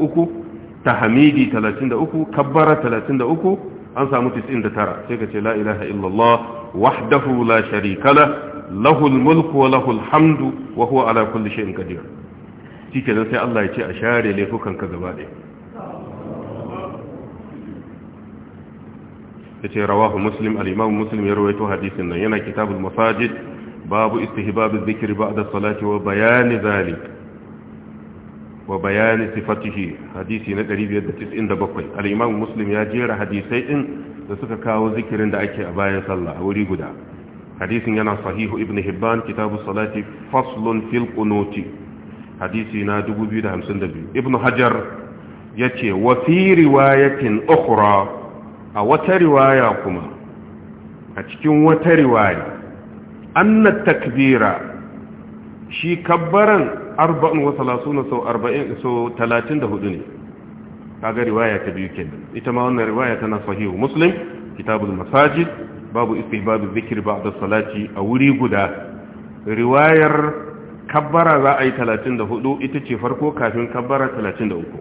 uku. tahmidi 33 kabbara 33 an samu 99 sai ka ce la ilaha illallah wahdahu la sharika la lahul mulku wa lahul hamdu wa huwa ala kulli shay'in qadir shike sai Allah ya ce a share laifukan ka gaba ɗaya yace rawahu muslim al-imam muslim ya rawaito hadisin nan yana kitabul masajid babu istihbab adh-dhikri ba'da salati wa bayan zalik wa bayani sifatihi hadisi na 597 al-imam muslim ya jera hadisai din da suka kawo zikirin da ake a bayan sallah a wuri guda hadisin yana sahihu ibn hibban kitabu salati faslun fil qunuti hadisi na 2052 ibn hajar yace wa fi riwayatin ukhra a wata riwaya kuma a cikin wata riwaya anna takbira shi kabbaran arba'in wa salasuna sau arba'in sau talatin da hudu ne kaga riwaya ta biyu kenan ita ma wannan riwaya tana sahihu muslim kitabul masajid babu babu zikir ba'da salati a wuri guda riwayar kabbara za a yi talatin da hudu ita ce farko kafin kabbara uku.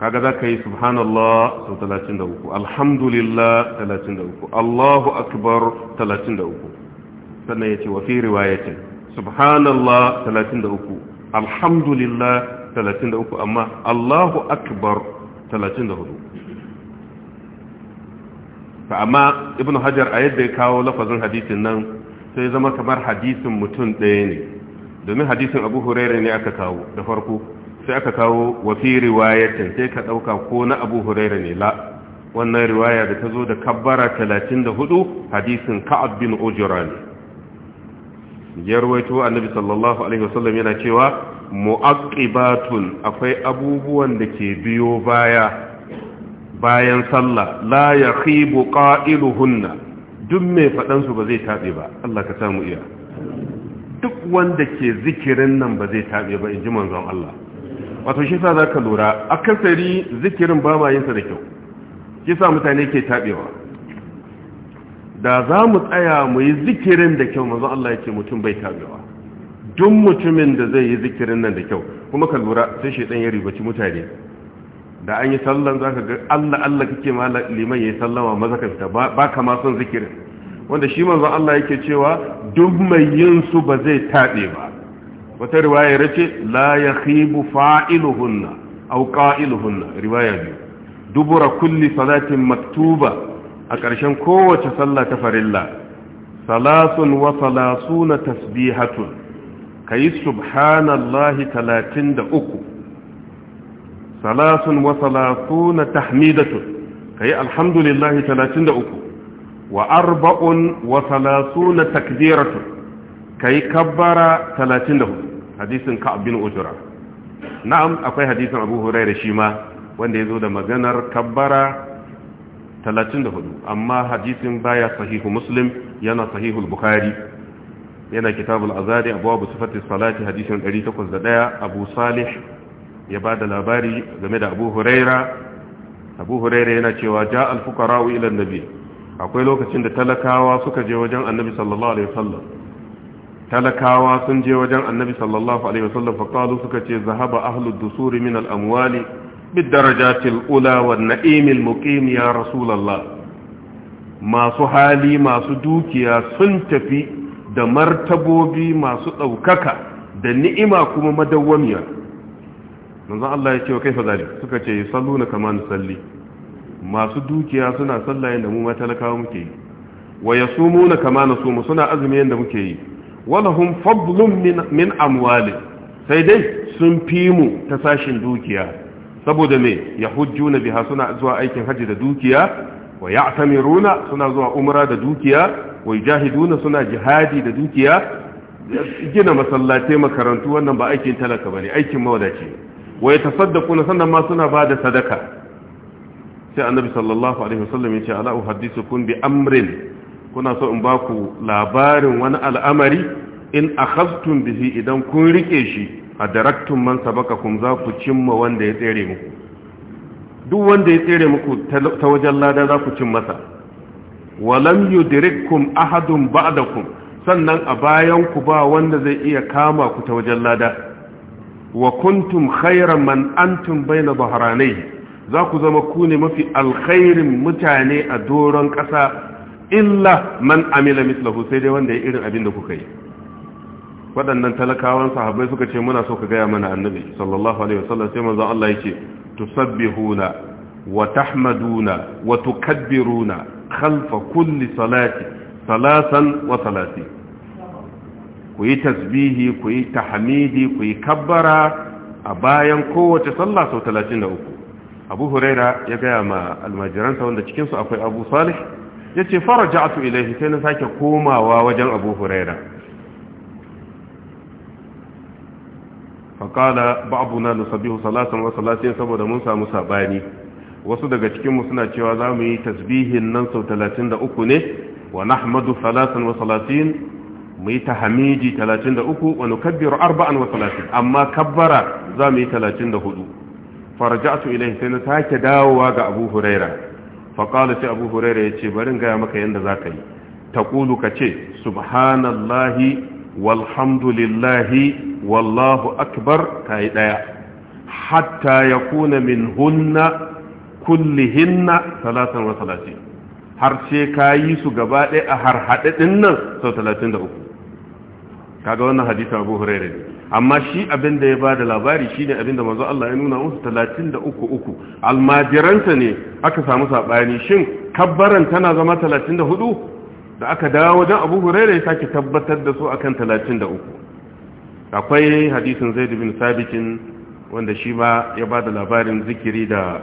kaga za ka yi subhanallah sau talatin da uku, alhamdulillah talatin da uku, allahu akbar uku. sannan ya ce wa fi riwayatin subhanallah 33 alhamdulillah 33 amma Allahu akbar 34 fa amma ibn hajar a yadda ya kawo lafazin hadisin nan sai zama kamar hadisin mutum ɗaya ne domin hadisin abu huraira ne aka kawo da farko sai aka kawo wafi riwayatin sai ka ɗauka ko na abu huraira ne la wannan riwaya da ta zo da kabbara 34 hadisin ka'ab bin ujra ne ya ruwaito annabi sallallahu alaihi wasallam yana cewa mu'aqibatun akwai abubuwan da ke biyo baya bayan sallah la yakhibu qa'iluhunna duk mai fadan su ba zai tabe ba Allah ka samu iya duk wanda ke zikirin nan ba zai tabe ba inji manzon Allah wato shi sa zaka lura akasari zikirin ba ma yin da kyau shi sa mutane ke tabewa da za mu tsaya mu yi zikirin da kyau mazu Allah ya ce mutum bai kamewa duk mutumin da zai yi zikirin nan da kyau kuma ka lura sai shedan ya ribaci mutane da an yi sallan za ka ga Allah Allah kake ma liman yayi sallama maza ka fita ba ka ma son zikirin wanda shi mazu Allah yake cewa duk mai yin su ba zai tabe ba wata riwaya ce, la khibu fa'iluhunna aw qa'iluhunna riwaya biyu dubura kulli salatin maktuba a ƙarshen kowace sallah ta farilla salasun wa salasuna tasbihatun kayi subhanallahi talatin da uku salasun wa salasuna tahmidatun kayi alhamdulillahi talatin da uku wa arba'un wa salasuna takbiratun yi kabbara talatin da hudu hadisin ka'abin ujura na'am akwai hadisin abu huraira shi ma wanda ya zo da maganar kabbara 34 amma hadisin baya sahihu muslim yana sahihu bukhari yana kitabul azari abuwa sifatis salati hadisin 801 abu salih ya bada labari game da abu huraira abu huraira yana cewa ja alfukara'u ilan nabi akwai lokacin da talakawa suka je wajen annabi sallallahu alaihi wasallam talakawa sun je wajen annabi sallallahu alaihi wasallam faqalu suka ce zahaba ahlud dusuri min al amwali بالدرجات الأولى والنعيم المقيم يا رسول الله ما سحالي ما سدوكيا سنتفي da martabobi masu ɗaukaka da ni'ima kuma madawwamiya manzon Allah ya ce wa kaifa zalik suka ce salluna kama nusalli masu dukiya suna sallah yanda mu matalakawa muke yi wa yasumuna kama nasumu suna azumi yanda muke yi walahum fadlun min amwali sai dai sun fi mu ta sashin dukiya saboda me na biha suna zuwa aikin haji da dukiya wa ya'tamiruna suna zuwa umra da dukiya wa yajahiduna suna jihadi da dukiya gina masallatai makarantu wannan ba aikin talaka ba ne, aikin mawadaci wa yatasaddaquna sannan ma suna da sadaka sai annabi sallallahu alaihi wasallam ya ce ala uhaddisukum bi amrin kuna so in baku labarin wani al'amari in akhadtum bihi idan kun rike shi a daraktun man kun za ku cimma wanda ya tsere muku duk wanda ya tsere muku ta wajen lada za ku cin masa walam yudrikkum ahadun ba'dakum sannan a bayan ku ba wanda zai iya kama ku ta wajen lada wa kuntum khayran man antum bayna bahranayn za ku zama ku ne mafi alkhairin mutane a doron ƙasa illa man amila mithluhu sai dai wanda ya irin abin da kuka yi waɗannan talakawan sahabbai suka ce muna so ka gaya mana annabi sallallahu alaihi wasallam sai manzo Allah yake tusabbihuna wa tahmaduna wa tukabbiruna khalfa kulli salati salasan wa salati ku yi tasbihi ku yi tahmidi ku yi kabbara a bayan kowace sallah sau 33 Abu Huraira ya gaya ma almajiransa wanda cikin su akwai Abu Salih yace faraja'tu ilayhi sai na sake komawa wajen Abu Huraira faƙala babu na nusabihu salatan wa salatin saboda mun samu sabani wasu daga cikinmu suna cewa za mu yi tasbihin nan sau talatin da uku ne wa nahmadu salatan wa salatin mu yi tahamidi talatin da uku wa nukabbiru arba'an wa salatin amma kabbara za mu yi talatin da hudu farja'atu ilaihi sai na sake dawowa ga abu huraira faƙala sai abu huraira ya ce barin gaya maka yadda za ka yi ta ka ce subhanallahi walhamdulillahi wallahu akbar ta yi ɗaya hatta ya kuna min hunna kullihinna talatan wa talatin har sai ka yi su gaba ɗaya a har haɗaɗin nan sau talatin da uku kaga wannan hadisa abu hurairu ne amma shi abin da ya ba da labari shi ne abin da manzo Allah ya nuna musu talatin da uku uku almajiranta ne aka samu saɓani shin kabbaran tana zama talatin da hudu da aka dawo wajen abu hurairu ya sake tabbatar da su akan talatin da uku akwai hadisin zaid bin sabitin wanda shi ma ya ba da labarin zikiri da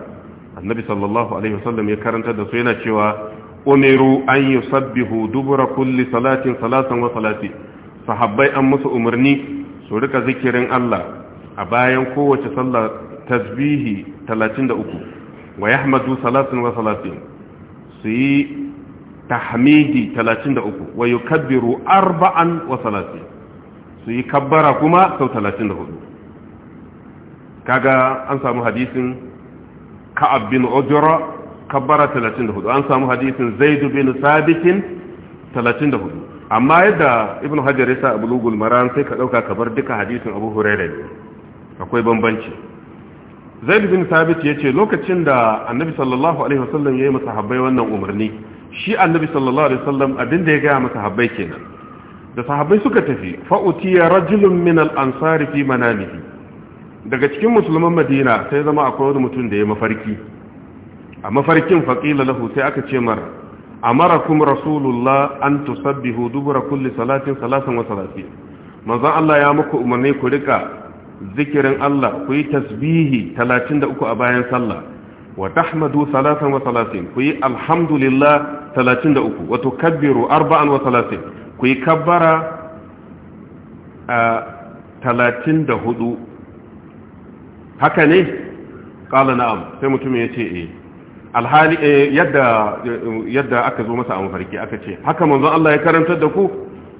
annabi sallallahu alaihi wasallam ya karanta da su yana cewa umiru an yusabbihu dubura kulli salatin salatan wa salati sahabbai an musu umarni su rika zikirin Allah a bayan kowace sallah tasbihi 33 wa yahmadu salatin wa salatin su yi tahmidi 33 wa yukabbiru arba'an wa salatin su yi kabbara kuma sau 34 kaga an samu hadisin ka'ab bin ujra kabbara 34 an samu hadisin zaid bin da 34 amma yadda ibnu hajar ya sa abulugul maran sai ka dauka kabar duka hadisin abu hurairah ne akwai bambanci zaid bin sabit yace lokacin da annabi sallallahu alaihi wasallam yayi masahabbai wannan umarni shi annabi sallallahu alaihi wasallam da ya ga masahabbai kenan da sahabbai suka tafi fa'utiya rajulun min al-ansari fi manamihi daga cikin musulman madina sai zama akwai wani mutum da ya mafarki a mafarkin faqila lahu sai aka ce mar amarakum rasulullah an tusabbihu dubura kulli salatin salasan wa salatin manzon Allah ya muku umarni ku rika zikirin Allah ku yi tasbihi 33 a bayan sallah wa tahmadu salatan wa salatin ku yi alhamdulillah 33 wa tukabbiru arba'an wa salatin ku yi kabbara a talatin da hudu haka ne ƙala na'am sai mutum ya ce e alhali eh, yadda aka zo masa a mafarki aka ce haka manzon Allah ya karantar da ku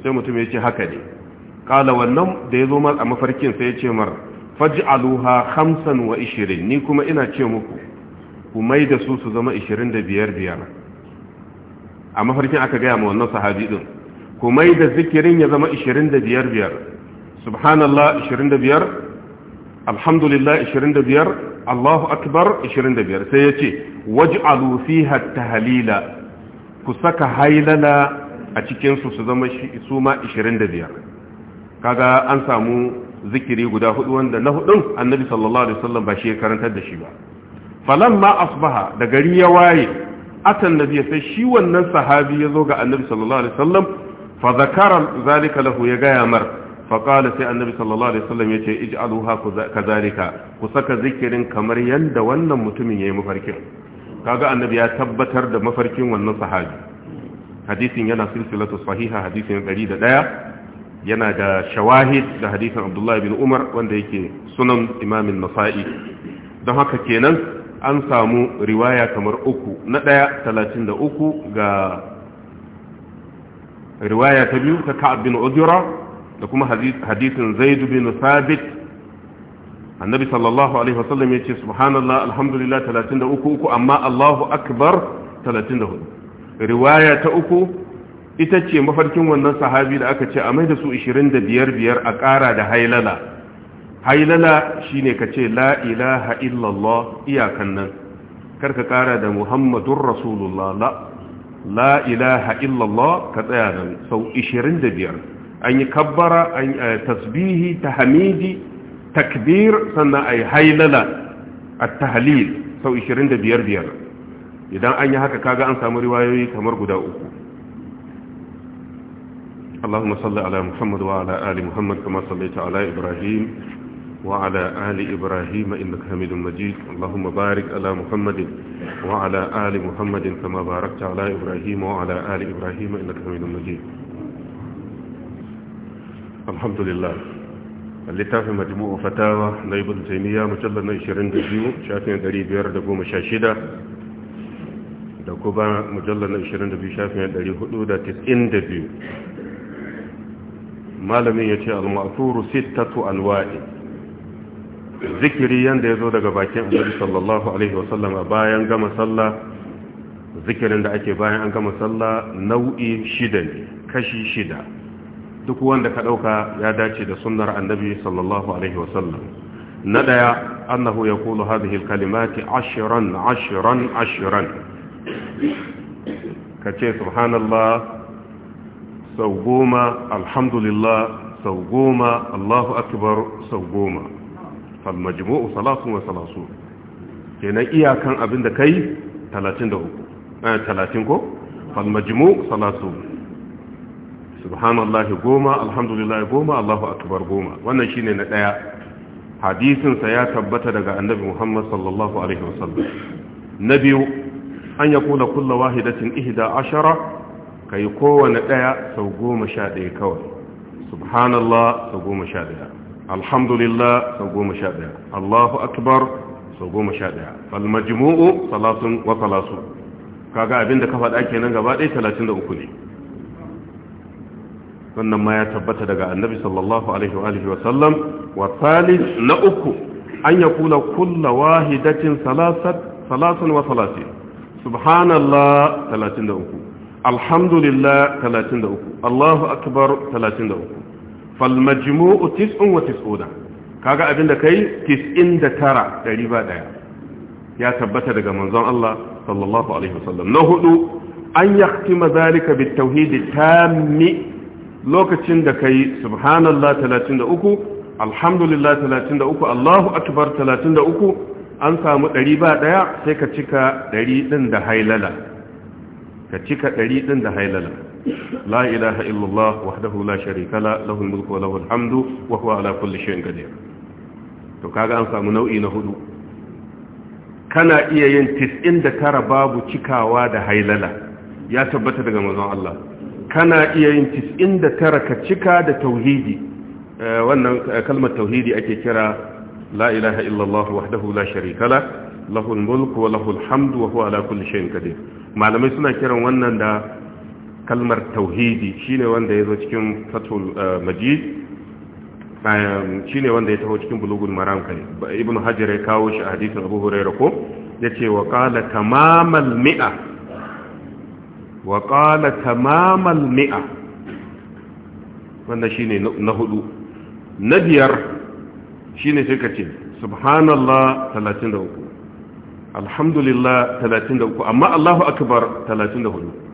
sai mutum ya ce haka ne ƙala wannan da ya zo a mafarkin sai ya ce mar aluha hamsan wa ishirin ni kuma ina ce muku ku mai da su su zama ishirin da biyar biyar a mafarkin aka gaya ma wannan sahabi din kuma da zikirin ya zama 25 biyar subhanallah 25 alhamdulillah 25 allahu akbar 25 sai ya ce waj'alu fiha tahlila ku saka hailala a cikinsu su zama su ma 25 kaga an samu zikiri guda hudu wanda na hudun annabi sallallahu alaihi wasallam ba shi ya karantar da shi ba falamma asbaha da gari ya waye atan nabi sai shi wannan sahabi ya zo ga annabi sallallahu alaihi wasallam fa zalika lahu ya gaya mar fa sai annabi sallallahu alaihi wasallam yace ka Zalika ku saka zikirin kamar yadda wannan mutumin ya yi mafarkin kaga annabi ya tabbatar da mafarkin wannan sahabi hadisin yana silsilatu sahiha hadisin 101 yana da shawahid da hadisin abdullahi bin umar wanda yake sunan imamin nasa'i don haka kenan an samu riwaya kamar uku na ɗaya talatin da uku ga riwaya ta biyu ta ka'ab bin udura da kuma hadisin zaid bin sabit annabi sallallahu alaihi wasallam yace subhanallah alhamdulillah 33 uku amma allahu akbar 34 riwaya ta uku ita ce mafarkin wannan sahabi da aka ce a mai da su 25 biyar a ƙara da hailala hailala shine ka ce la ilaha illallah iyakan nan karka ƙara da muhammadun rasulullah la la ilaha illallah ka tsaya nan sau 25 an yi kabbara an eh, tasbihi ta hamidi takbir sannan ay haylala a tahlil sau 25 biyar idan an yi haka kaga an samu riwayoyi kamar guda uku اللهم صل على محمد وعلى آل محمد كما صليت على ibrahim. وعلى آل إبراهيم إنك حميد مجيد اللهم بارك على محمد وعلى آل محمد كما باركت على إبراهيم وعلى آل إبراهيم إنك حميد مجيد الحمد لله littafin majmu'u fatawa na ibn taymiya mujallal na 22 shafin 516 da kuma mujallal na 22 shafin 492 malamin yace al-ma'thuru sittatu anwa'i zikiri yanda ya zo daga bakin annabi sallallahu alaihi wasallam a bayan gama sallah zikirin da ake bayan an gama sallah nau'i shida ne kashi shida duk wanda ka dauka ya dace da sunnar annabi sallallahu alaihi wasallam na daya annahu yaqulu hadhihi alkalimati ashiran ashiran ka kace subhanallah sau goma alhamdulillah sau goma allahu akbar sau goma فالمجموع ثلاث وثلاثون كنا إياكا أبن دكي ثلاثين دهو آه ثلاثين كو فالمجموع ثلاثون سبحان الله قوما الحمد لله قوما الله أكبر قوما وانا شيني نتايا حديث سياتبت لغا النبي محمد صلى الله عليه وسلم نبي أن يقول كل واحدة إهدى عشرة كي قوة نتايا سو قوم شادئ كوي subhanallah da goma sha daya alhamdulillah sau goma sha ɗaya allahu akbar sau goma sha ɗaya falmajmu'u salasun wa salasu kaga abinda da ka faɗa kenan gaba ɗaya talatin da uku ne wannan ma ya tabbata daga annabi sallallahu alaihi wa alihi wa sallam wa salis na uku an ya kula kulla wahidatin salasun wa salasin subhanallah talatin da uku alhamdulillah talatin da uku allahu akbar talatin da uku falmajmu'u tis'un wa tis'una kaga abinda kai tis'in da tara ɗari ba ɗaya ya tabbata daga manzon Allah sallallahu alaihi wasallam na hudu an yaktima zalika bit tauhid tammi lokacin da kai subhanallah 33 alhamdulillah 33 Allahu akbar 33 an samu ɗari ba ɗaya sai ka cika ɗari ɗin da hailala ka cika ɗari ɗin da hailala لا إله إلا الله وحده لا شريك له له الملك وله الحمد وهو to kaga an samu nau'i na hudu kana iya yin 99 babu cikawa da hailala ya tabbata daga manzon Allah kana iya yin 99 ka cika da tauhidi wannan kalmar tauhidi ake kira la illallah wahdahu la sharika la lahul mulku wa lahul ala kulli shay'in malamai suna kiran wannan da kalmar tauhidi shine wanda ya zo cikin fatul uh, majid shine wanda ya taho cikin bulugul maram kai ibnu hajar ya kawo shi a hadisin abu huraira ko yace wa qala tamamal mi'a wa qala tamamal mi'a wanda shine na hudu na biyar shine sai ka ce subhanallah 33 alhamdulillah 33 amma allahu akbar 34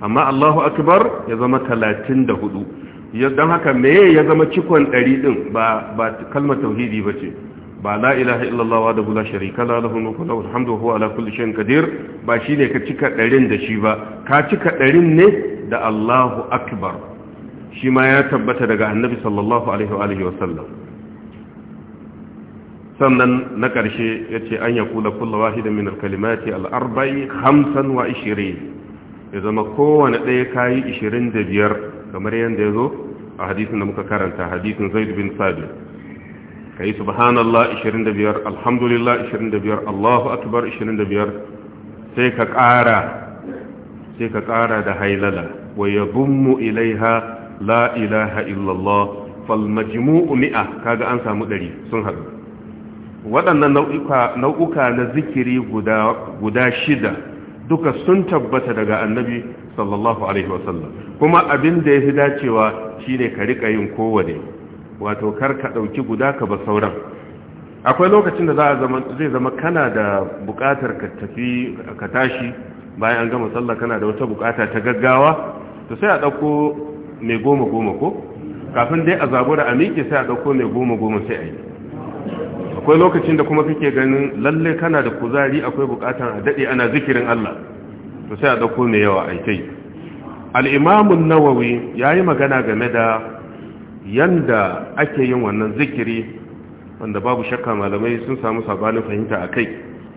amma Allahu akbar ya zama 34 don haka meye ya zama cikon 100 din ba ba kalmar tauhidi ce ba la ilaha illallah wa dabu la sharika la lahu mulku wa huwa ala kulli shay'in qadir ba shine ka cika 100 da shi ba ka cika 100 ne da Allahu akbar shi ma ya tabbata daga annabi sallallahu alaihi wa alihi wa sallam sannan na ƙarshe yace an yakula kullu wahidin min al-kalimati al-arba'i 25 ya zama kowane ɗaya kayi 25 kamar yadda ya zo a hadisin da muka karanta hadisin zaid bin sabi ka yi subhanallah 25 alhamdulillah 25 allahu akbar 25 sai ka ƙara sai ka ƙara da hailala wa ya bummu ilaiha la ilaha illallah fal majmu'u mi'a kaga an samu ɗari, sun haɗu waɗannan nau'uka na zikiri guda shida duka sun tabbata daga annabi sallallahu alaihi wasallam kuma abin da ya fi dacewa shine ka riƙa yin kowane wato kar ka ɗauki guda ka ba sauran akwai lokacin da za zai zama kana da buƙatar ka tafi ka tashi bayan an gama sallah kana da wata buƙata ta gaggawa to sai a ɗauko mai goma goma ko kafin dai a zabura a miƙe sai a ɗauko mai goma goma sai a yi akwai lokacin da kuma kake ganin lalle kana da kuzari akwai bukatan a dade ana zikirin Allah to sai a dauko ne yawa ai kai al-imam an-nawawi yayi magana game da yanda ake yin wannan zikiri wanda babu shakka malamai sun samu sabanin fahimta akai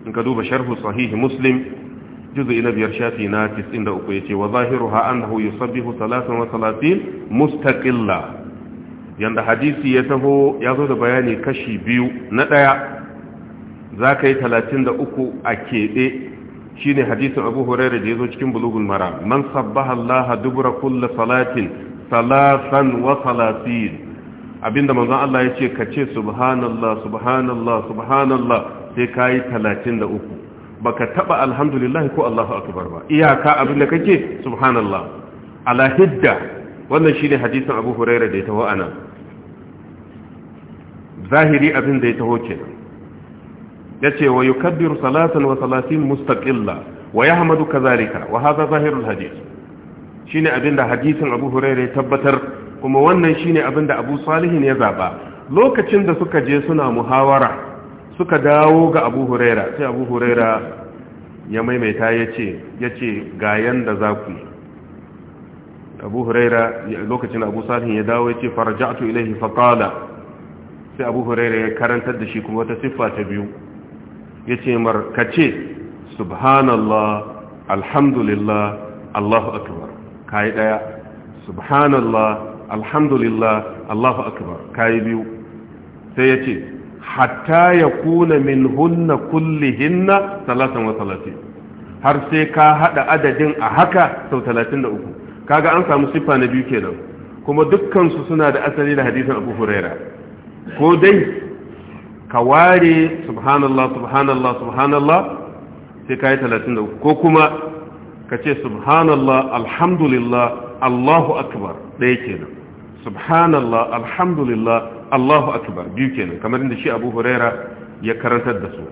in ka duba sharhu sahih muslim juz'i na biyar shafi na 93 yace wa zahiruha annahu yusabbihu 33 mustaqilla yanda hadisi ya taho ya zo da bayani kashi biyu na ɗaya za ka yi talatin da uku a keɓe shi ne hadisin abu hurairu da ya zo cikin bulugun mara man sabbaha Allah dubura kulla salatin salasan wa abinda manzon Allah ya ce ka ce subhanallah subhanallah subhanallah sai ka yi talatin da uku baka taba alhamdulillah ko Allahu akbar ba iyaka abinda kake subhanallah ala hidda wannan shine hadisun abu huraira da ya taho a nan zahiri abin da ya taho ke ya ce wa yi kabbiru salatin wa salatin mustaƙilla wa ya hamadu kazalika wa haza zahirun hadis ne abin da hadisun abu huraira ya tabbatar kuma wannan shine abin da abu salihin ya zaba lokacin da suka je suna muhawara suka dawo ga abu huraira sai abu huraira ya maimaita ya ce ga yanda za ku yi abu huraira lokacin abu salihin ya dawo ya ce faraja'atu ilaihi faqala sai abu huraira ya karantar da shi kuma wata siffa ta biyu ya ce mar ka ce subhanallah alhamdulillah allahu akbar kayi daya subhanallah alhamdulillah allahu akbar kayi biyu sai ya ce hatta ya kuna min hunna kullihinna talatan wa talatin har sai ka hada adadin a haka sau talatin da uku kaga an samu siffa na biyu kenan kuma dukkansu suna da asali da hadisin abu huraira ko dai ka ware subhanallah subhanallah subhanallah sai ka yi talatin da ko kuma ka ce subhanallah alhamdulillah allahu akbar ɗaya kenan subhanallah alhamdulillah allahu akbar biyu kenan kamar inda shi abu huraira ya karantar da su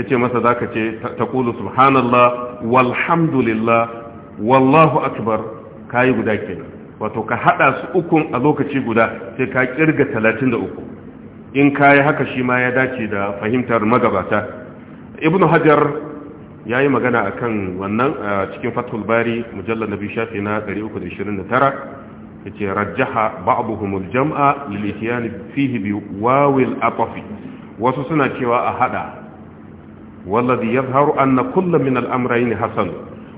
ya ce masa za ka ce ta kulu subhanallah walhamdulillah wallahu akbar kayi guda ke wato ka hada su ukun a lokaci guda sai ka kirga 33 in kayi haka shi ma ya dace da fahimtar magabata ibnu hajar yayi magana akan wannan cikin fathul bari mujallal nabi shafi na 329 yace rajjaha ba'dhum al-jam'a lil-ityan fihi bi wawil atafi wasu suna cewa a hada والذي يظهر أن كل من الأمرين hasan.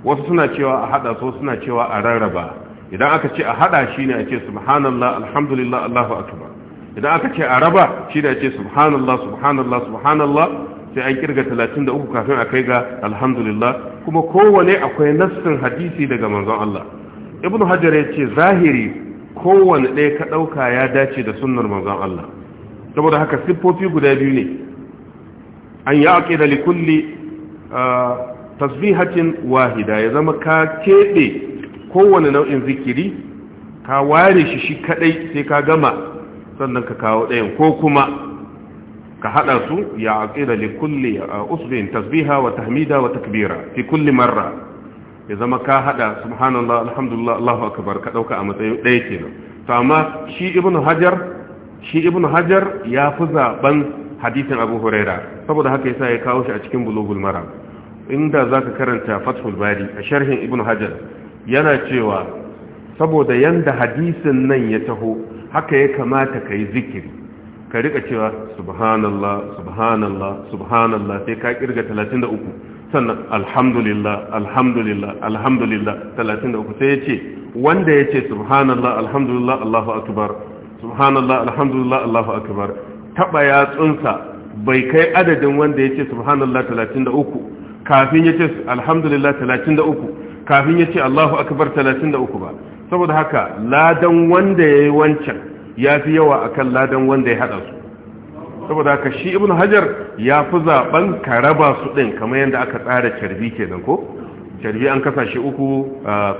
wasu suna cewa a hada so suna cewa a rarraba idan aka ce a hada shine a ce subhanallah alhamdulillah allahu akbar idan aka ce a raba shine a ce subhanallah subhanallah subhanallah sai an kirga 33 kafin a kai ga alhamdulillah kuma kowane akwai nassin hadisi daga manzon Allah ibnu hajar ya ce zahiri kowane ɗaya ka ɗauka ya dace da sunnar manzon Allah saboda haka siffofi guda biyu ne an yi aƙida likulli ah, tasbihatin wahida ya zama ka keɓe kowane nau'in zikiri ka ware shi shi kadai sai ka gama sannan ka kawo ɗayan ko kuma ka haɗa su ya aƙira li kulli usbin tasbiha wa tahmida wa takbira fi kulli marra ya zama ka haɗa subhanallah alhamdulillah Allahu akbar ka ɗauka a matsayin ɗaya kenan to amma shi ibnu hajar shi hajar ya fi zaɓen hadisin abu huraira saboda haka yasa ya kawo shi a cikin bulugul maram inda za ka karanta fathul bari a sharhin ibn hajar yana cewa saboda yanda hadisin nan ya taho haka ya kamata ka yi zikiri ka rika cewa subhanallah subhanallah subhanallah sai ka kirga 33 sannan alhamdulillah alhamdulillah alhamdulillah 33 sai ya ce wanda ya ce subhanallah alhamdulillah allahu akbar subhanallah alhamdulillah allahu akbar taba ya yatsunsa bai kai adadin wanda ya ce subhanallah 33 kafin ya ce alhamdulillah 33 kafin ya ce allahu da 33 ba saboda haka ladan wanda ya yi wancan ya fi yawa akan ladan wanda ya haɗa su saboda haka shi ibn hajar ya fi zaɓen ka raba su ɗin kamar yadda aka tsara carbi nan ko carbi an kasa shi uku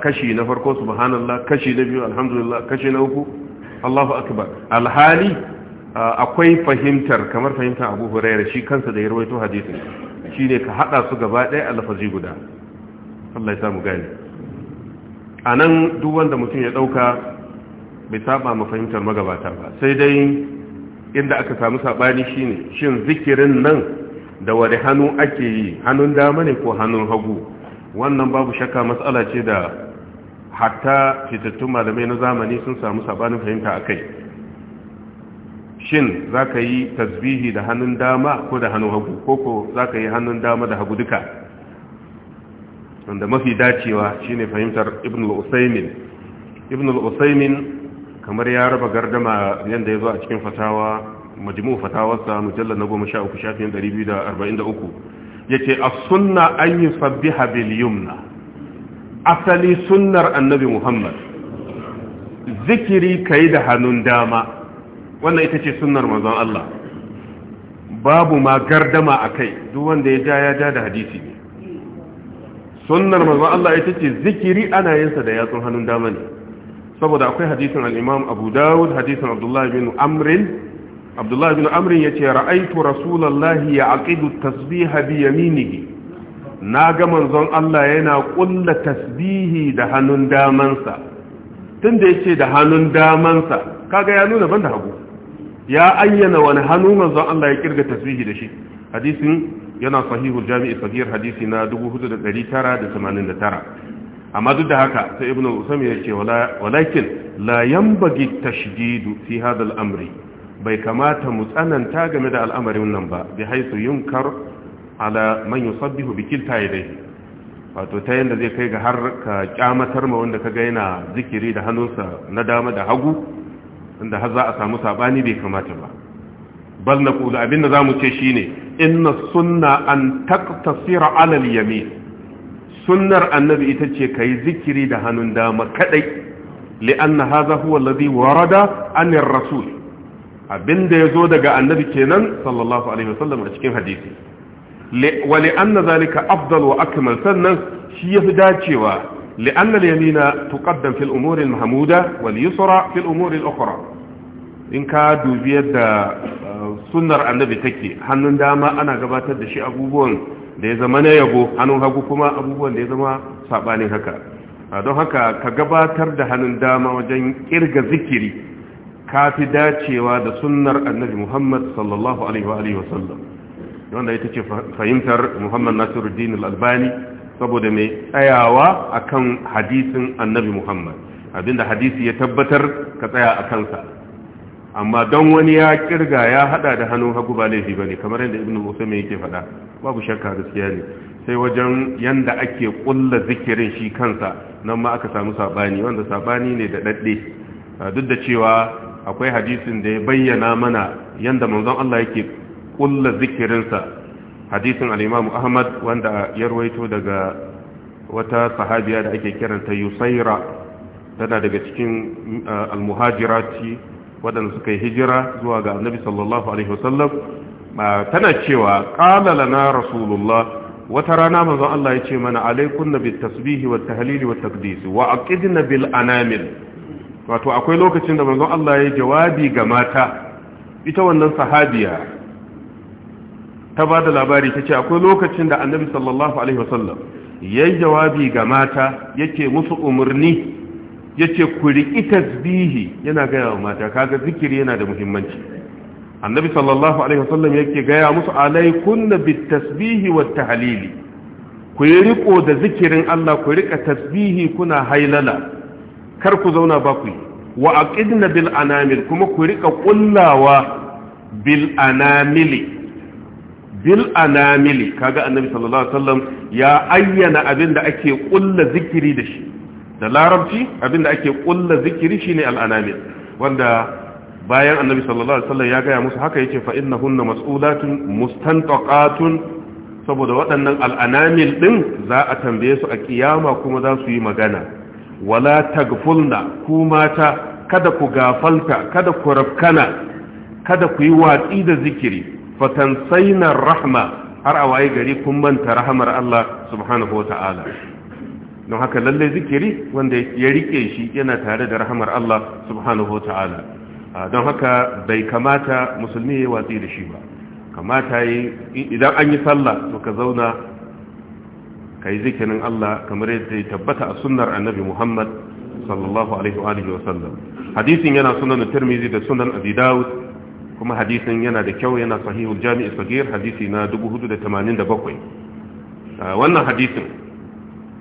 kashi na farko subhanallah kashi na biyu alhamdulillah kashi na uku allahu akbar alhali akwai fahimtar kamar fahimtar abu huraira shi kansa da ya rawaito hadisin shi ne ka haɗa su gaba ɗaya a lafazi guda Allah ya samu gani a nan duk wanda mutum ya ɗauka bai saba ma fahimtar magabata ba sai dai inda aka samu saɓani shine shin zikirin nan da wani hannu ake yi hannun dama ne ko hannun hagu wannan babu shakka matsala ce da hatta fitattun malamai na zamani sun samu saɓanin fahimta a kai shin za ka yi tasbihi da hannun dama ko da hannun hagu ko ko za ka yi hannun dama da hagu duka wanda mafi dacewa shine fahimtar ibn al-usaimin ibn al-usaimin kamar ya raba gardama yadda ya zo a cikin fatawa majmu fatawarsa mujallar na goma sha uku shafin ɗari biyu da arba'in da uku ya ce a sunna an yi sabbi habil yumna asali sunnar annabi muhammad zikiri ka yi da hannun dama wannan ita ce sunnar manzon Allah babu ma gardama a kai duk wanda ya ja ya ja da hadisi ne sunnar manzon Allah ita ce zikiri ana yinsa da yatsun hannun dama ne saboda akwai hadisin al-imam abu dawud hadisin abdullahi bin amrin abdullahi bin amrin yace ra'aytu rasulullahi ya'qidu tasbiha bi yaminihi na ga manzon Allah yana kulla tasbihi da hannun damansa tunda yace da hannun damansa kaga ya nuna banda hagu ya ayyana wani hannu manzon Allah ya kirga tasbihi da shi hadisin yana sahihul jami'i sahih hadisi na 4989 amma duk da haka sai ibnu usaymi ya ce walakin la yanbaghi tashdid fi hadha al-amri bai kamata mu tsananta game da al'amarin nan ba bi haythu yunkar ala man yusabbihu bi kilta yadai wato ta yanda zai kai ga har ka kyamatar ma wanda kaga yana zikiri da hannunsa na dama da hagu inda har za a samu sabani bai kamata ba bal na kula abinda za mu ce shi ne inna sunna an taktasira alal yami sunnar annabi ita ce ka yi zikiri da hannun dama kadai li'anna haza huwa alladhi warada anir rasul abinda yazo daga annabi kenan sallallahu alaihi wasallam a cikin hadisi wa li'anna zalika afdal wa akmal sannan shi yafi dacewa li'anna al-yamina tuqaddam fil umuri al-mahmuda wal yusra fil umuri al-ukhra in ka dubi yadda uh, sunnar annabi take hannun dama ana gabatar da shi abubuwan da ya zama na yabo hannun hagu kuma abubuwan da ya zama saɓanin haka uh, don haka ka gabatar da hannun dama wajen kirga zikiri kafi dacewa da sunnar annabi Muhammad sallallahu alaihi wa sallam wanda ita ce fahimtar Muhammad Nasiruddin al-Albani saboda mai tsayawa akan hadisin annabi Muhammad abinda hadisi ya tabbatar ka tsaya a kansa amma don wani ya kirga ya hada da hannun hagu ba laifi ba ne kamar yadda Ibn Musamman yake fada babu shakka gaskiya ne sai wajen yanda ake kulla zikirin shi kansa nan ma aka samu sabani wanda sabani ne da dadde duk da cewa akwai hadisin da ya bayyana mana yanda manzon Allah yake kulla zikirinsa hadisin al-Imam Ahmad wanda ya rawaito daga wata sahabiya da ake kiranta Yusaira tana daga cikin al-muhajirati waɗanda suka yi hijira zuwa ga annabi sallallahu alaihi wasallam tana cewa qala na, rasulullah wata rana manzon Allah ya ce mana na bit tasbihi wat tahlili wat taqdis wa aqidna bil anamil wato akwai lokacin da manzon Allah ya jawabi ga mata ita wannan sahabiya ta ba da labari ta ce akwai lokacin da annabi sallallahu alaihi wasallam ya yi jawabi ga mata yake musu umarni yace ku riƙi tasbihi yana gaya wa mata kaga zikiri yana da muhimmanci annabi sallallahu alaihi wasallam yake gaya musu alaikunna bitasbihi wat tahlili ku riƙo da zikirin Allah ku rika tasbihi kuna hailala kar ku zauna ba ku wa aqidna bil anamil kuma ku riƙa kullawa bil anamili bil kaga annabi sallallahu alaihi wasallam ya ayyana abin da ake kulla zikiri da shi da larabci abinda ake kulla zikiri shine al'anamil wanda bayan annabi sallallahu alaihi wasallam ya gaya musu haka yake fa innahunna mas'ulatun mustantaqatun saboda waɗannan al'anamil din za a tambaye su a kiyama kuma za su yi magana wala tagfulna ku mata kada ku gafalta kada ku rafkana kada ku yi watsi da zikiri fatansaina rahma har a waye gari kun manta rahamar Allah subhanahu wata'ala ta'ala don haka lalle zikiri wanda ya rike shi yana tare da rahamar Allah subhanahu wa ta'ala don haka bai kamata musulmi ya watsi da shi ba kamata yi idan an yi sallah to ka zauna ka yi zikirin Allah kamar yadda ya tabbata a sunnar annabi Muhammad sallallahu alaihi wa sallam hadisin yana sunan tirmizi da sunan abi dawud kuma hadisin yana da kyau yana sahihul jami'i sagir hadisi na 487 wannan hadisin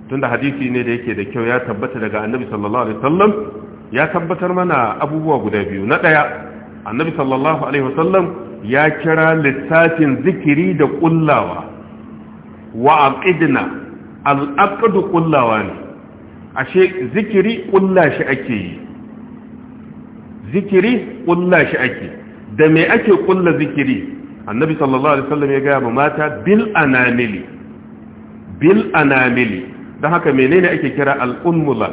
tunda hadisi ne da yake da kyau ya tabbata daga annabi sallallahu alaihi wasallam ya tabbatar mana abubuwa guda biyu na daya annabi sallallahu alaihi wasallam ya kira littafin zikiri da kullawa wa aqidna al-aqd kullawa ne ashe zikiri kulla shi ake yi zikiri kulla shi ake da me ake kulla zikiri annabi sallallahu alaihi wasallam ya ga mata bil anamili bil anamili don haka menene ake kira al'ummula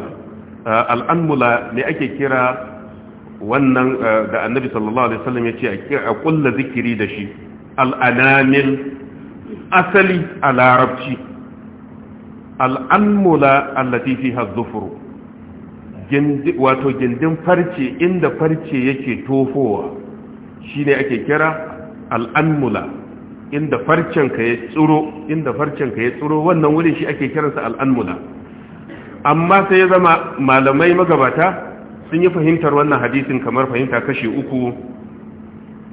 eh, al'ammula ne ake kira wannan eh, da annabi sallallahu alaihi wasallam ya ce a kulla zikiri da shi al'anamin asali a larabci al'ammula allati fiha wato gindin farce inda farce yake tofowa shine ake kira al'ammula inda farcenka ya tsuro inda farcenka ya tsuro wannan wurin shi ake kiransa al'anmula amma sai ya zama malamai magabata sun yi fahimtar wannan hadisin kamar fahimta kashi uku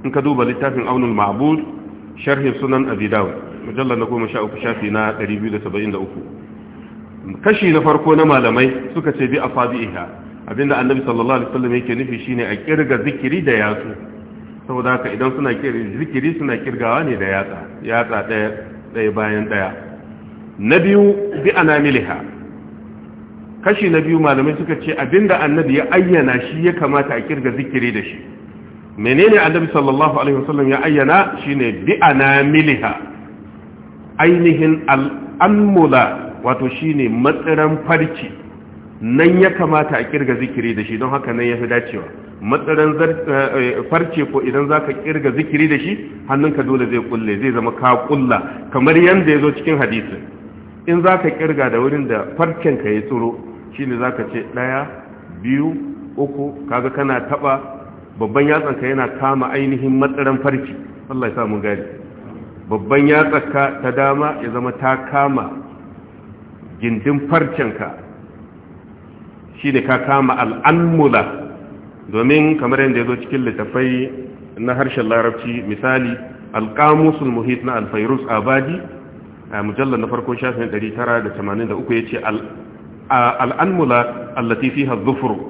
in ka duba littafin aunul ma'bud sharhin sunan abi dawud mujallal na goma sha uku shafi na 273 kashi na farko na malamai suka ce bi afadiha abinda annabi sallallahu alaihi wasallam yake nufi shine a kirga zikiri da yatsu saboda haka idan suna zikiri suna kirgawa ne da yatsa yatsa ɗaya bayan ɗaya na biyu bi miliha kashi na biyu malamai suka ce abinda annabi ya ayyana shi ya kamata a kirga zikiri da shi menene annabi sallallahu alaihi wasallam ya ayyana shine bi miliha ainihin al'amula wato shine matsiran farci nan ya kamata a kirga zikiri da shi don haka nan ya fi dacewa matsarin eh, eh, farce ko idan za ka kirga zikiri da shi hannunka dole zai kulle zai zama ka kulla kamar yadda ya zo cikin hadisi in za ka kirga da wurin da farcenka ya tsoro shi ne za ka ce ɗaya biyu uku kaga kana taɓa babban yatsanka yana kama ainihin matsarin farce Allah ya samu gari babban yatsanka ta dama ya zama ta kama gindin farcenka shi ne ka kama al'amula. domin kamar yadda ya zo cikin littafai na harshen larabci misali alƙamusul muhit na alfairus abadi a mujallar na farko shafin 983 ya ce al'anmula allatifi hazzufuru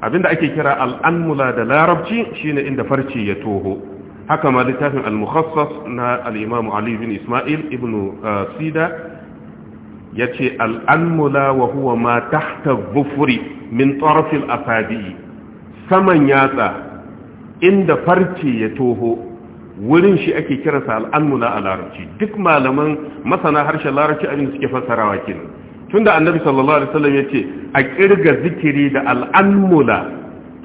abinda ake kira al'anmula da larabci shine inda farci ya toho haka ma littafin al-mukhassas na al'imamu ali bin ismail ibn sida ya ce al'anmula wa huwa ma tahta zufuri min tsarafin afadi'i saman yatsa inda farce ya toho wurin shi ake kiransa al'amula a larabci duk malaman masana harshen larabci abin suke fassarawa tun tunda annabi sallallahu alaihi wasallam ce a kirga zikiri da al'amula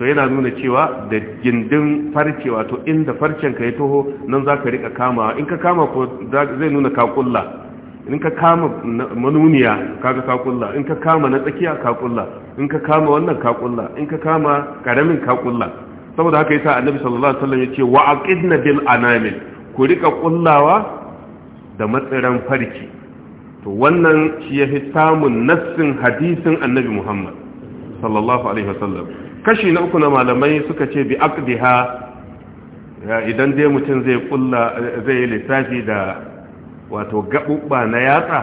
to yana nuna cewa da gindin farce wato inda farcen ka ya toho nan za ka rika kamawa in ka kama ko zai nuna ka kulla in ka kama manuniya kaga ka kulla in ka kama na tsakiya ka kulla in ka kama wannan ka kulla in ka kama karamin ka saboda haka yasa annabi sallallahu alaihi wasallam yace wa aqidna bil anamil ku rika kullawa da matsiran farki to wannan shi ya samun nassin hadisin annabi Muhammad sallallahu alaihi wasallam kashi na uku na malamai suka ce bi aqdiha idan dai mutum zai kulla zai lissafi da wato gaɓuɓɓa na yatsa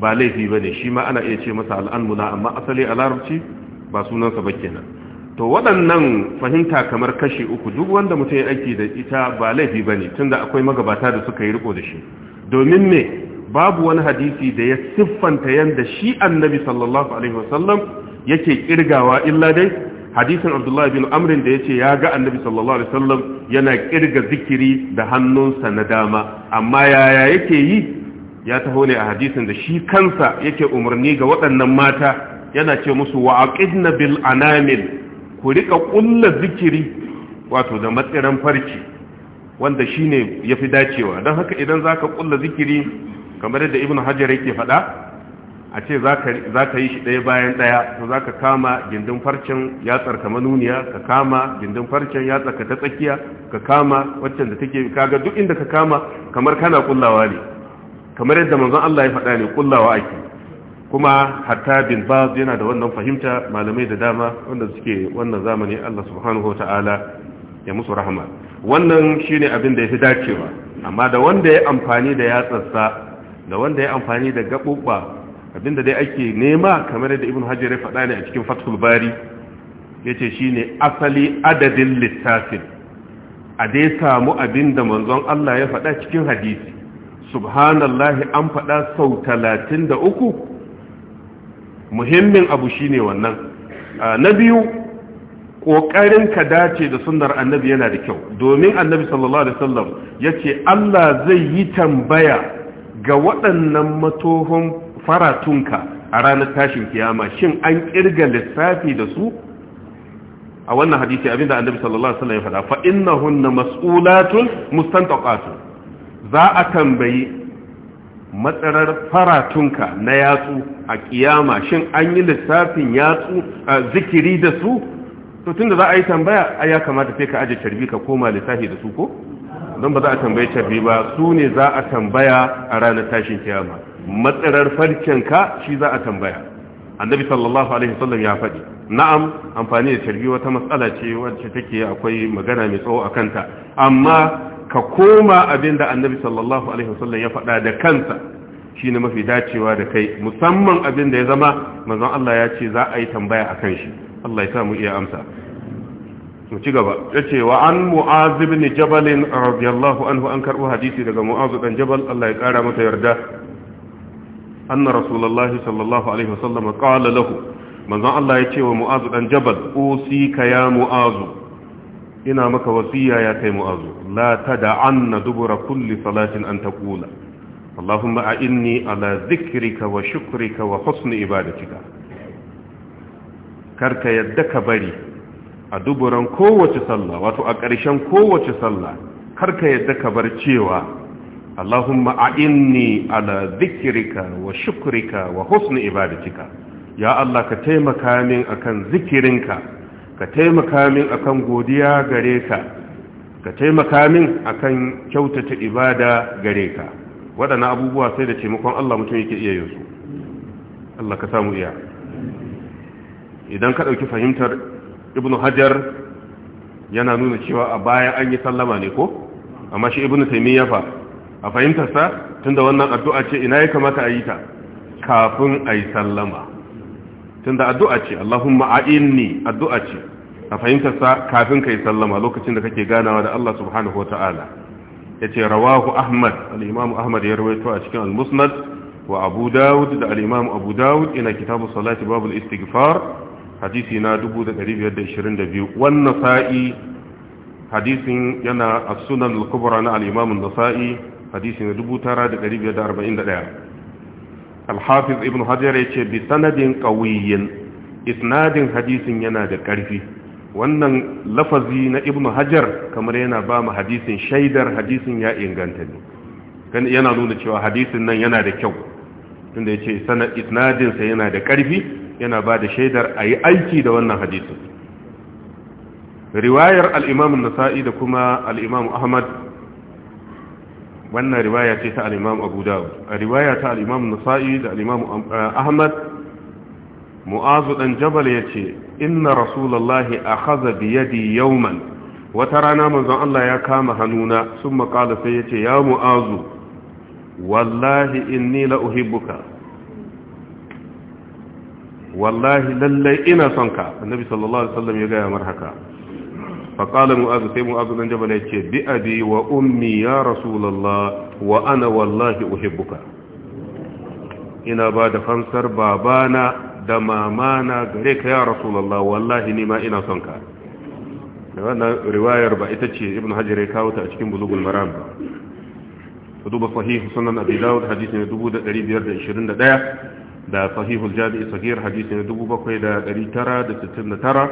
ba laifi ba ne shi ma ana iya ce masa al'anmuna amma asali a larabci ba sunansa ba kenan to waɗannan fahimta kamar kashe uku duk wanda mutum ya aiki da ita ba laifi ba ne tunda akwai magabata da suka yi riko da shi domin me babu wani hadisi da ya siffanta yadda shi annabi sallallahu alaihi wasallam yake kirgawa illa dai hadisin abdullahi bin amrin da ya ce ya ga annabi sallallahu alaihi wasallam yana kirga zikiri da hannunsa na dama amma yaya yake yi ya taho ne a hadisin da shi kansa yake umarni ga waɗannan mata yana ce musu wa aqidna bil anamil ku rika kulla zikiri wato da matsiran farci wanda shine yafi dacewa don haka idan zaka kulla zikiri kamar da ibnu hajar yake faɗa a ce za ka yi shi ɗaya bayan ɗaya to za ka kama gindin farcen yatsar ka manuniya ka kama gindin farcen yatsar ka ta tsakiya ka kama waccan da take kaga duk inda ka kama kamar kana kullawa ne kamar yadda manzon Allah ya faɗa ne kullawa ake kuma hatta bin baz yana da wannan fahimta malamai da dama wanda suke wannan zamani Allah subhanahu wataala ya musu rahama wannan shine abin da ya yafi dacewa amma da wanda ya amfani da yatsarsa da wanda ya amfani da gaɓuɓɓa abinda dai ake nema kamar yadda ibn hajar ya faɗa ne a cikin fatul bari shi ne asali adadin littafin a dai samu abin da manzon Allah ya faɗa cikin hadisi subhanallah an faɗa sau talatin da uku muhimmin abu shi ne wannan na biyu ƙoƙarin ka dace da sunnar annabi yana da kyau domin annabi sallallahu alaihi wasallam ya ce Allah zai yi tambaya ga waɗannan matohon faratunka a ranar tashin kiyama shin an kirga lissafi da su a wannan hadisi abinda annabi sallallahu alaihi wasallam ya faɗa fa innahunna mas'ulatun mustantaqatun za a tambayi matsarar faratunka na yatsu a kiyama shin an yi lissafin yatsu a zikiri da su to tunda za a yi tambaya ai ya kamata sai ka aje carbi ka koma lissafi da su ko don ba za a tambaye carbi ba su ne za a tambaya a ranar tashin kiyama matsirar farkenka shi za a tambaya annabi sallallahu alaihi wasallam ya faɗi na'am amfani da tarbi wata matsala ce wacce take akwai magana mai tsawo a kanta amma ka koma abinda annabi sallallahu alaihi wasallam ya faɗa da kansa shine mafi dacewa da kai musamman abinda ya zama manzon Allah ya ce za a yi tambaya akan shi Allah ya sa mu iya amsa mu ci gaba yace wa an mu'az ibn jabal radiyallahu anhu an karbu hadisi daga mu'az dan jabal Allah ya kara masa yarda anna rasulullahi sallallahu alaihi wasallam qala lahu manzon Allah ya ce wa mu'azu dan jabal usika ya mu'azu ina maka wasiya ya kai mu'azu la tada'anna dubura kulli salatin an taqula اللهم أعني على ذكرك وشكرك وحسن عبادتك karka yadda ka bari a duburan kowace sallah wato a ƙarshen kowace sallah kar ka yadda ka bar cewa Allahumma a ala zikirika wa shukrika wa husni ibadatika, ya Allah ka taimaka min akan zikirinka, ka taimaka min akan godiya gareka, ka taimaka min akan kyautata ibada gareka, waɗanne abubuwa sai da taimakon Allah mutum ya ke iya yanzu, Allah ka samu iya. Idan ka ɗauki fahimtar Ibn Hajar yana nuna cewa a baya anyi sallama ne ko amma shi Ibn Taimiyya fa. a fahimtarsa tunda wannan addu'a ce ina ya kamata a yi ta kafin a yi sallama tunda addu'a ce Allahumma a'inni addu'a ce a fahimtarsa kafin ka yi sallama lokacin da kake ganawa da Allah subhanahu ta'ala ya ce rawahu Ahmad al'imamu Ahmad ya rawaito a cikin al-musnad wa abu dawud da al'imamu abu dawud ina kitabu salati babul istighfar hadisi na 1522 wannan sa'i hadisin yana a sunan al-kubra na al'imamun nasa'i hadisi na 9541 alhafiz ibn hajar ya ce bi sanadin ƙawiyin isnadin hadisin yana da ƙarfi wannan lafazi na ibn hajar kamar yana ba mu hadisin shaidar hadisin ya inganta ne yana nuna cewa hadisin nan yana da kyau tunda ya ce sa yana da ƙarfi yana ba da shaidar a yi aiki da wannan hadisin riwayar al'imamun nasa'i da kuma al'imamun ahmad wannan riwaya ce ta alimam abu dawud a riwaya ta alimam imam nasa'i da alimam eh, ahmad mu'azu dan jabal yace inna rasulullahi akhadha bi yadi yawman wata rana manzon Allah ya kama hannuna sun qala sai yace ya mu'azu wallahi in la uhibbuka wallahi lallai ina son ka annabi sallallahu alaihi wasallam ya gaya mar haka faƙala mu'azu sai mu'azu dan jabal ya ce bi abi wa ummi ya rasulullah wa ana wallahi uhibbuka ina ba da fansar babana da mamana gare ka ya rasulullah wallahi ni ma ina son ka wannan riwayar ba ita ce ibn hajar ya kawata ta a cikin bulugul maram ba duba sahih sunan abi dawud hadisi ne da sahihul jami'i da sittin da tara.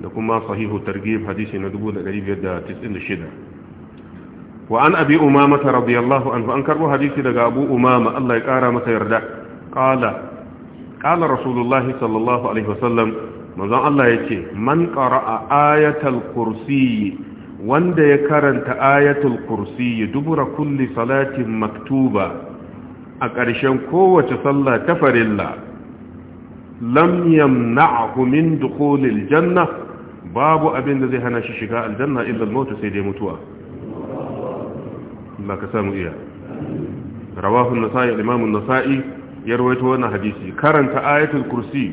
da kuma sahihu targib hadisi na 1596 wa an abi umama ta radiyallahu anhu an karbo hadisi daga abu umama Allah ya kara masa yarda qala qala rasulullahi sallallahu alaihi wasallam manzon Allah yace man qara'a ayatal kursi wanda ya karanta ayatul kursi dubura kulli salatin maktuba a ƙarshen kowace sallah ta farilla lam yamna'hu min dukhulil jannah babu abin da zai hana shi shiga aljanna illa al sai dai mutuwa Allah ka samu iya rawahu an-nasa'i imam an-nasa'i ya rawaito wannan hadisi karanta ayatul kursi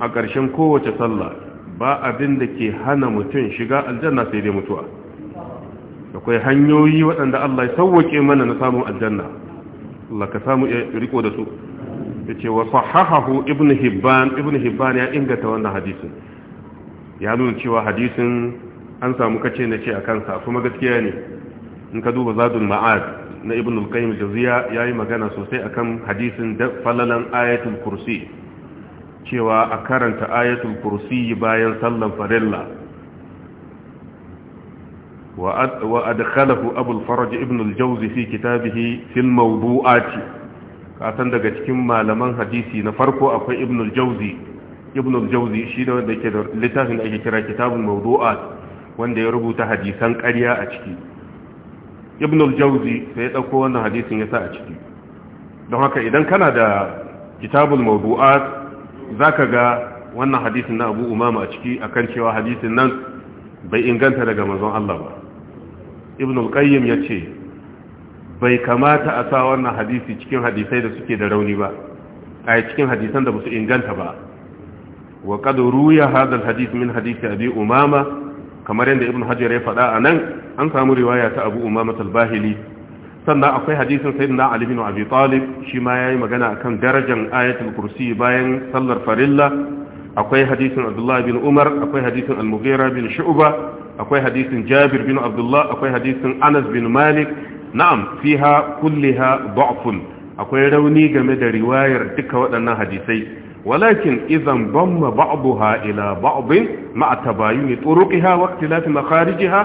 a ƙarshen kowace sallah ba abin da ke hana mutum shiga aljanna sai dai mutuwa akwai hanyoyi waɗanda Allah ya sauke mana na samun aljanna Allah ka samu iya riko da su yace wa sahahahu ibnu hibban ibnu hibban ya inganta wannan hadisin ya nuna cewa hadisin an samu kace na ce a kansa kuma gaskiya ne in ka duba zadul ma'ad na ibn al-qayyim jaziya yayi magana sosai akan hadisin da falalan ayatul kursi cewa a karanta ayatul kursi bayan sallan farilla wa adkhalahu abu al-faraj ibn al-jawzi fi fi al mawdu'ati kasan daga cikin malaman hadisi na farko akwai ibn al-jawzi ibn al-jawzi shi da wanda yake da littafin da ake kira kitabul mawdu'at wanda ya rubuta hadisan ƙarya a ciki ibn al-jawzi sai ya dauko wannan hadisin ya sa a ciki don haka idan kana da kitabul mawdu'at zaka ga wannan hadisin na Abu Umama a ciki akan cewa hadisin nan bai inganta daga manzon Allah ba ibn al-qayyim yace bai kamata a sa wannan hadisi cikin hadisai da suke da rauni ba a cikin hadisan da ba su inganta ba wa qad ruya hadal alhadith min hadith abi umama kamar yadda ibn hajar ya faɗa anan an samu riwaya ta abu umama al sannan akwai hadisin sayyidina ali bin abi talib shi ma yayi magana akan darajar ayatul kursi bayan sallar farilla akwai hadisin abdullahi bin umar akwai hadisin al-mughira bin shu'ba akwai hadisin jabir bin abdullah akwai hadisin anas bin malik na'am fiha kulliha da'fun akwai rauni game da riwayar duka waɗannan hadisai walakin idan bamma ba'daha ila ba'd ma'a tabayun turuqiha wa ikhtilaf makharijiha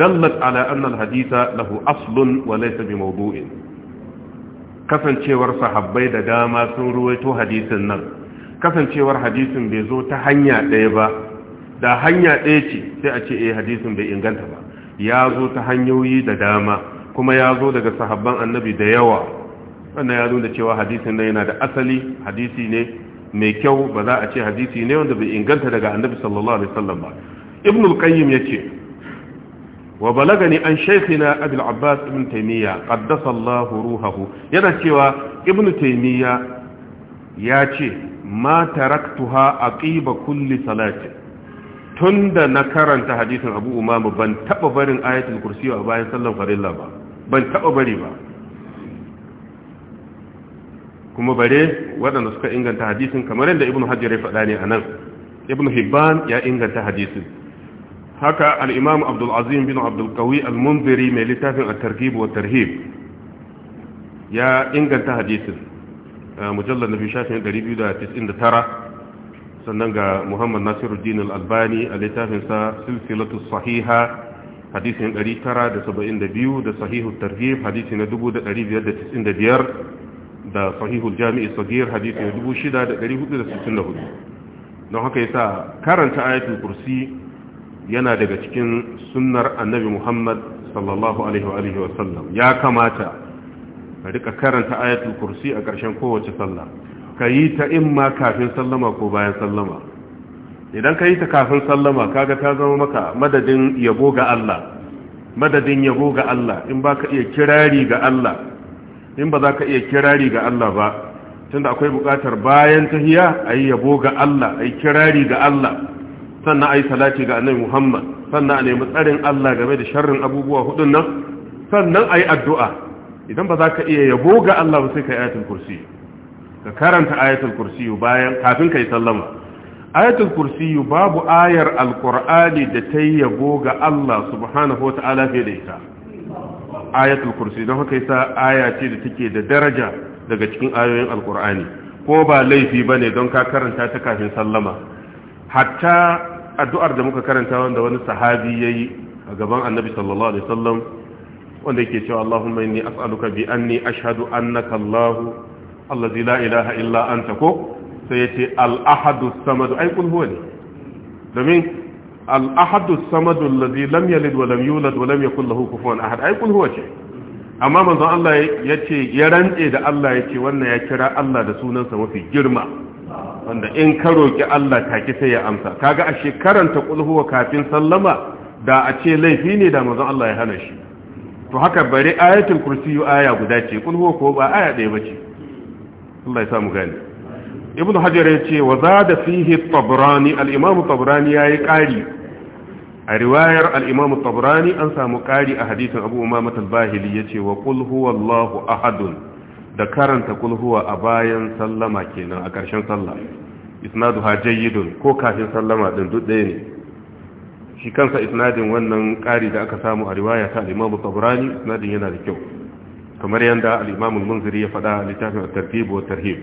dallat ala anna alhaditha lahu aslun wa laysa bi mawdu'in kasancewar sahabbai da dama sun ruwaito hadisin nan kasancewar hadisin bai zo ta hanya ɗaya ba da hanya ɗaya ce sai a ce eh hadisin bai inganta ba ya zo ta hanyoyi da dama kuma ya zo daga sahabban annabi da yawa wannan ya nuna cewa hadisin nan yana da asali hadisi ne mai kyau ba za a ce hadisi ne wanda bai inganta daga annabi sallallahu alaihi wasallam ba ibn qayyim yace wa balagani an shaykhina abul abbas ibn taymiya qaddasa Allah ruhahu yana cewa ibnu taymiya ya ce ma taraktuha aqiba kulli salati tunda na karanta hadisin abu umama ban taba barin ayatul kursi a bayan sallan farilla ba ban taba bari ba kuma bare waɗanda suka inganta hadisin kamar yadda Ibn hajjar ya faɗa ne a nan Ibn hibban ya inganta hadisin haka al-imam abdul azim bin abdul qawi al-munziri mai littafin at-targhib wa tarhib ya inganta hadisin mujallar nabi shafin 299 sannan ga muhammad nasiruddin al-albani a littafin sa silsilatu sahiha hadisin 972 da sahihu targhib hadisi na 1595 da sahihul jami'i sagir hadisi 6464 don haka yasa karanta ayatul kursi yana daga cikin sunnar annabi Muhammad sallallahu alaihi wa alihi wa sallam ya kamata ka rika karanta ayatul kursi a ƙarshen kowace sallah ka yi ta imma kafin sallama ko bayan sallama idan ka yi ta kafin sallama kaga ta zama maka madadin yabo ga Allah madadin yabo ga Allah in baka iya kirari ga Allah in ba za ka iya kirari ga Allah ba tunda akwai buƙatar bayan tahiya ayi yabo ga Allah ayi kirari ga Allah sannan ayi salati ga Annabi Muhammad sannan a nemi tsarin Allah game da sharrin abubuwa hudun nan sannan ayi addu'a idan ba za ka iya yabo ga Allah ba sai ka yi ayatul kursi ka karanta ayatul kursi bayan kafin ka yi sallama ayatul kursi babu ayar alkur'ani da ta yabo ga Allah subhanahu wata'ala fiye da ita ayatul kursi don haka yasa aya ce da take da daraja daga cikin ayoyin alkur'ani ko ba laifi ba ne don ka karanta ta kafin sallama hatta addu'ar da muka karanta wanda wani sahabi yayi a gaban annabi sallallahu alaihi sallam wanda yake cewa Allahumma inni as'aluka bi anni ashhadu annaka allahu allazi la ilaha illa anta ko sai yace al ahadu samad ai kul huwa ne domin al’ahadu samadu lalzi lam yalid wa wa lam ya kulla hukufuwan ahad ai kun ce amma manzan Allah ya ce ya rantse da Allah ya ce wannan ya kira Allah da sunansa mafi girma wanda in ka roƙi Allah ta ki sai ya amsa kaga a shekaran ta kulhuwa wa kafin sallama da a ce laifi ne da manzan Allah ya hana shi to haka bari ayatul kursiyu aya guda ce kulhu ko ba aya ɗaya ba ce Allah ya samu gani ibn hajar ya ce wa za da fihe tabrani al'imamu ya yi ƙari a riwayar al'imamu tabrani an samu ƙari a hadisun abu umamat al ya ce wa kulhuwa allahu ahadun da karanta kulhuwa a bayan sallama kenan a ƙarshen sallah isnadu jayyidun ko kafin sallama ɗin duk ɗaya ne shi kansa isnadin wannan ƙari da aka samu a riwaya ta al'imamu tabrani isnadin yana da kyau kamar yadda al'imamun munziri ya faɗa littafin tartib wa tarhib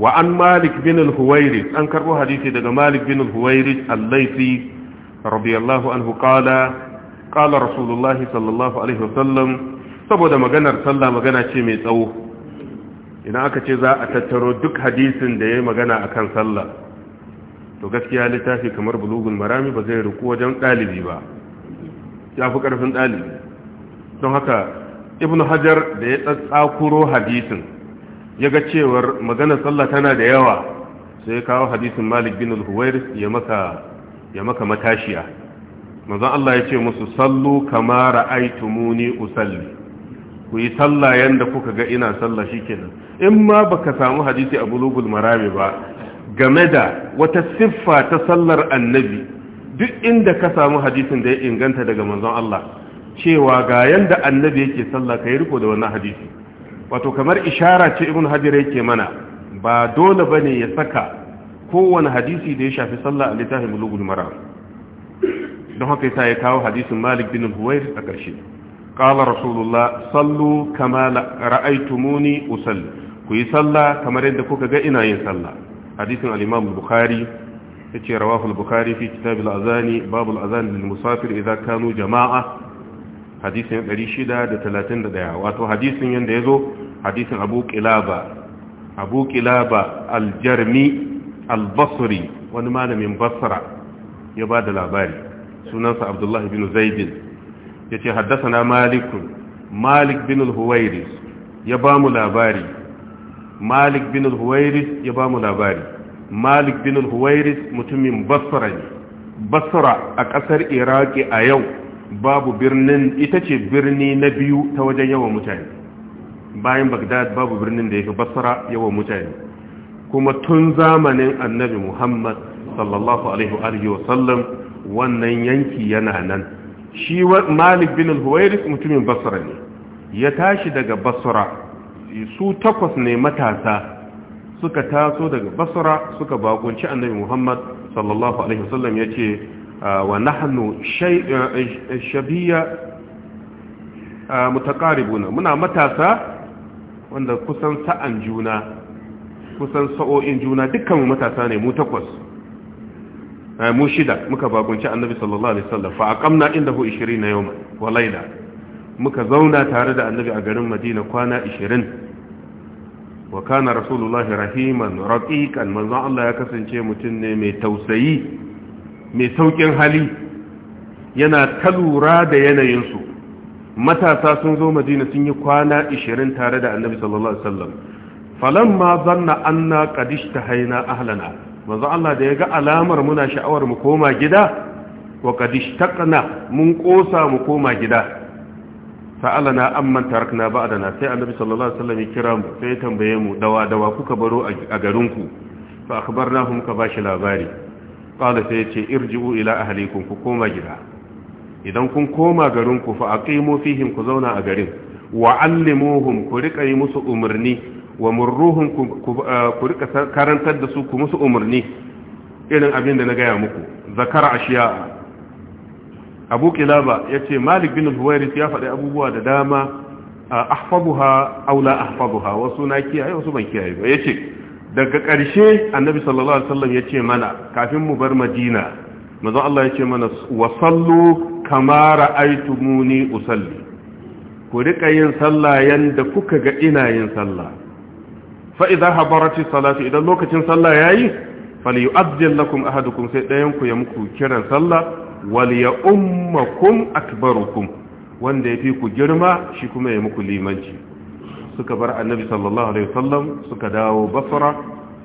wa an malik bin al-huwairis an karbo hadisi daga malik bin al-huwairis al-laifi radiyallahu anhu qala qala rasulullahi sallallahu alaihi wasallam saboda maganar sallah magana ce mai tsawo idan aka ce za a tattaro duk hadisin da yayi magana akan sallah to gaskiya littafi kamar bulugul marami ba zai riku wajen dalibi ba ya fi karfin dalibi don haka ibnu hajar da ya tsakuro hadisin ya ga cewar magana sallah tana da yawa sai ya kawo hadisin malik bin al-huwair ya maka ya maka matashiya manzon Allah ya ce musu sallu kama ra'aytumuni usalli ku yi sallah yanda kuka ga ina sallah shikenan in ma baka samu hadisi a bulugul marami ba game da wata siffa ta sallar annabi duk inda ka samu hadisin da ya inganta daga manzon Allah cewa ga yanda annabi yake sallah kai riko da wannan hadisi wato kamar ishara ce ibn hajar yake mana ba dole bane ya saka kowane hadisi da ya shafi sallah a littafi bulugul maram don haka yasa ya kawo hadisin malik bin huwair a ƙarshe qala rasulullah sallu kama ra'aytumuni usalli ku yi sallah kamar yadda kuka ga ina yin sallah hadisin al-imam bukhari yace rawahu al-bukhari fi kitab al-azani bab al-azan lil musafir idza kanu jama'a hadisin 631 wato hadisin ya zo hadisin Abu Kilaba Abu Kilaba Aljarmi al-Basri wani malamin Basra ya ba da labari sunansa Abdullah ya ce haddasa na malikun Malik bin huwairis ya bamu labari Malik bin huwairis ya bamu labari Malik bin huwairis mutumin Basra ne a ƙasar Iraki a yau babu birnin ita ce birni na biyu ta wajen yawan mutane bayan bagdad babu birnin da ya fi basara yawan mutane kuma tun zamanin annabi muhammad sallallahu alaihi wa sallam wannan yanki yana nan shi malik bin al-huwairis mutumin basra ne ya tashi daga basra su takwas ne matasa suka taso daga basra suka bakunci annabi muhammad sallallahu alaihi sallam ya ce wa nahnu shabiya mutaqaribuna muna matasa wanda kusan sa'an juna kusan sa'o'in juna dukkan mu matasa ne mu takwas mu shida muka babunci annabi sallallahu alaihi wasallam fa aqamna indahu 20 yawma wa layla muka zauna tare da annabi a garin Madina kwana 20 wa kana rasulullahi rahiman raqiqan manzo Allah ya kasance mutum ne mai tausayi mai saukin hali yana ta lura da yanayinsu matasa sun zo madina sun yi kwana 20 tare da annabi sallallahu alaihi wasallam zanna anna qad ishtahaina ahlana manzo Allah da yaga alamar muna sha'awar mu koma gida wa qad ishtaqna mun kosa mu koma gida sa'alana amman tarakna ba'dana sai annabi sallallahu alaihi wasallam ya kira mu sai ya tambaye mu dawa dawa kuka baro a garinku fa akhbarnahum ka bashi labari qala sai yace irji'u ila ahlikum ku koma gida idan kun koma garin ku fa aqimu fihim ku zauna a garin wa allimuhum ku rika yi musu umurni wa murruhum ku eh, rika karantar da su ku musu umurni irin abin da na gaya muku zakara ashiya abu kilaba yace malik bin huwairis ya faɗi abubuwa da dama ahfabuha aw la ahfabuha wasu na kiyaye wasu ban kiyaye ba yace daga ƙarshe annabi sallallahu alaihi wasallam ya ce mana kafin mu bar madina manzon Allah ya ce mana wa sallu kama ra'aytumuni usalli ku rika yin sallah yanda kuka ga ina yin sallah fa idza habarati salatu idan lokacin sallah yayi falyu'adhdhil lakum ahadukum sai dayan ku ya muku kiran sallah wal ya ummakum akbarukum wanda yafi ku girma shi kuma ya muku limanci suka bar annabi sallallahu alaihi wasallam suka dawo basra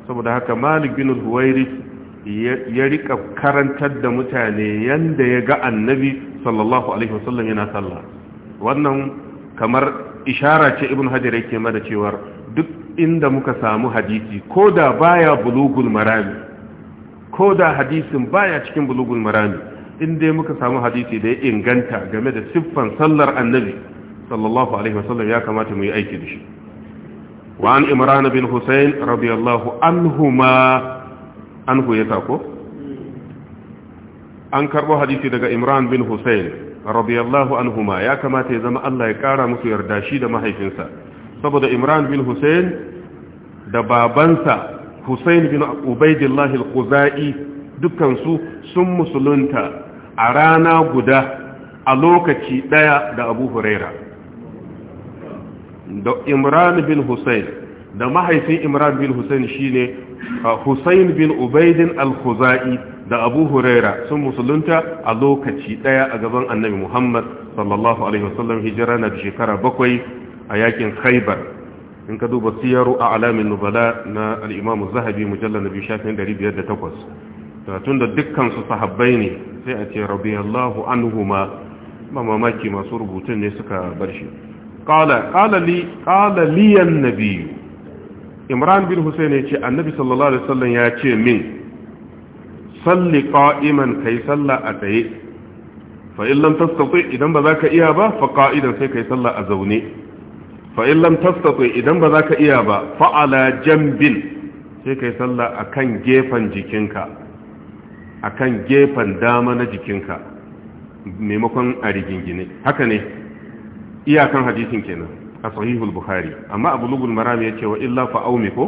saboda haka malik bin huwairi ya rika karantar da mutane yanda ya ga annabi sallallahu alaihi wasallam yana sallah wannan kamar ishara ce ibn hajar yake mana cewar duk inda muka samu hadisi ko da baya bulugul marami ko da hadisin baya cikin bulugul marami in dai muka samu hadisi da ya inganta game da siffan sallar annabi sallallahu alaihi wasallam ya kamata mu yi aiki da shi wa an imran bin husayn radiyallahu anhuma anhu ya ko an karbo hadisi daga imran bin husayn radiyallahu anhuma ya kamata ya zama Allah ya kara musu yarda shi da mahaifinsa saboda imran bin husayn da babansa husayn bin ubaidillah al-quzai dukkan su sun musulunta a rana guda a lokaci daya da abu huraira da imran bin husayn da mahaifin imran bin husayn shine husayn bin ubaidin al-khuzai da abu huraira sun musulunta a lokaci daya a gaban annabi muhammad sallallahu alaihi wasallam hijira na shekara bakwai a yakin khaibar in ka duba siyaru a alamin nubala na al-imam zahabi mujallal nabi shafin 508 da dukkan su sahabbai ne sai a ce radiyallahu anhuma ba mamaki masu rubutun ne suka bar shi qala qala li qala imran bin Hussein ya ce annabi sallallahu alaihi wasallam ya ce min salli qa'iman kai salla a tsaye Fa'illan in lam tastati idan ba za ka iya ba fa qa'idan sai kai salla a zaune Fa'illan in lam tastati idan ba za ka iya ba fa ala jambin sai kai salla kan gefen jikinka a kan gefen dama na jikinka maimakon a rigingine haka ne iyakan hadisin kenan a sahihul bukhari amma abu lugul maram ya ce wa illa fa'aumi ko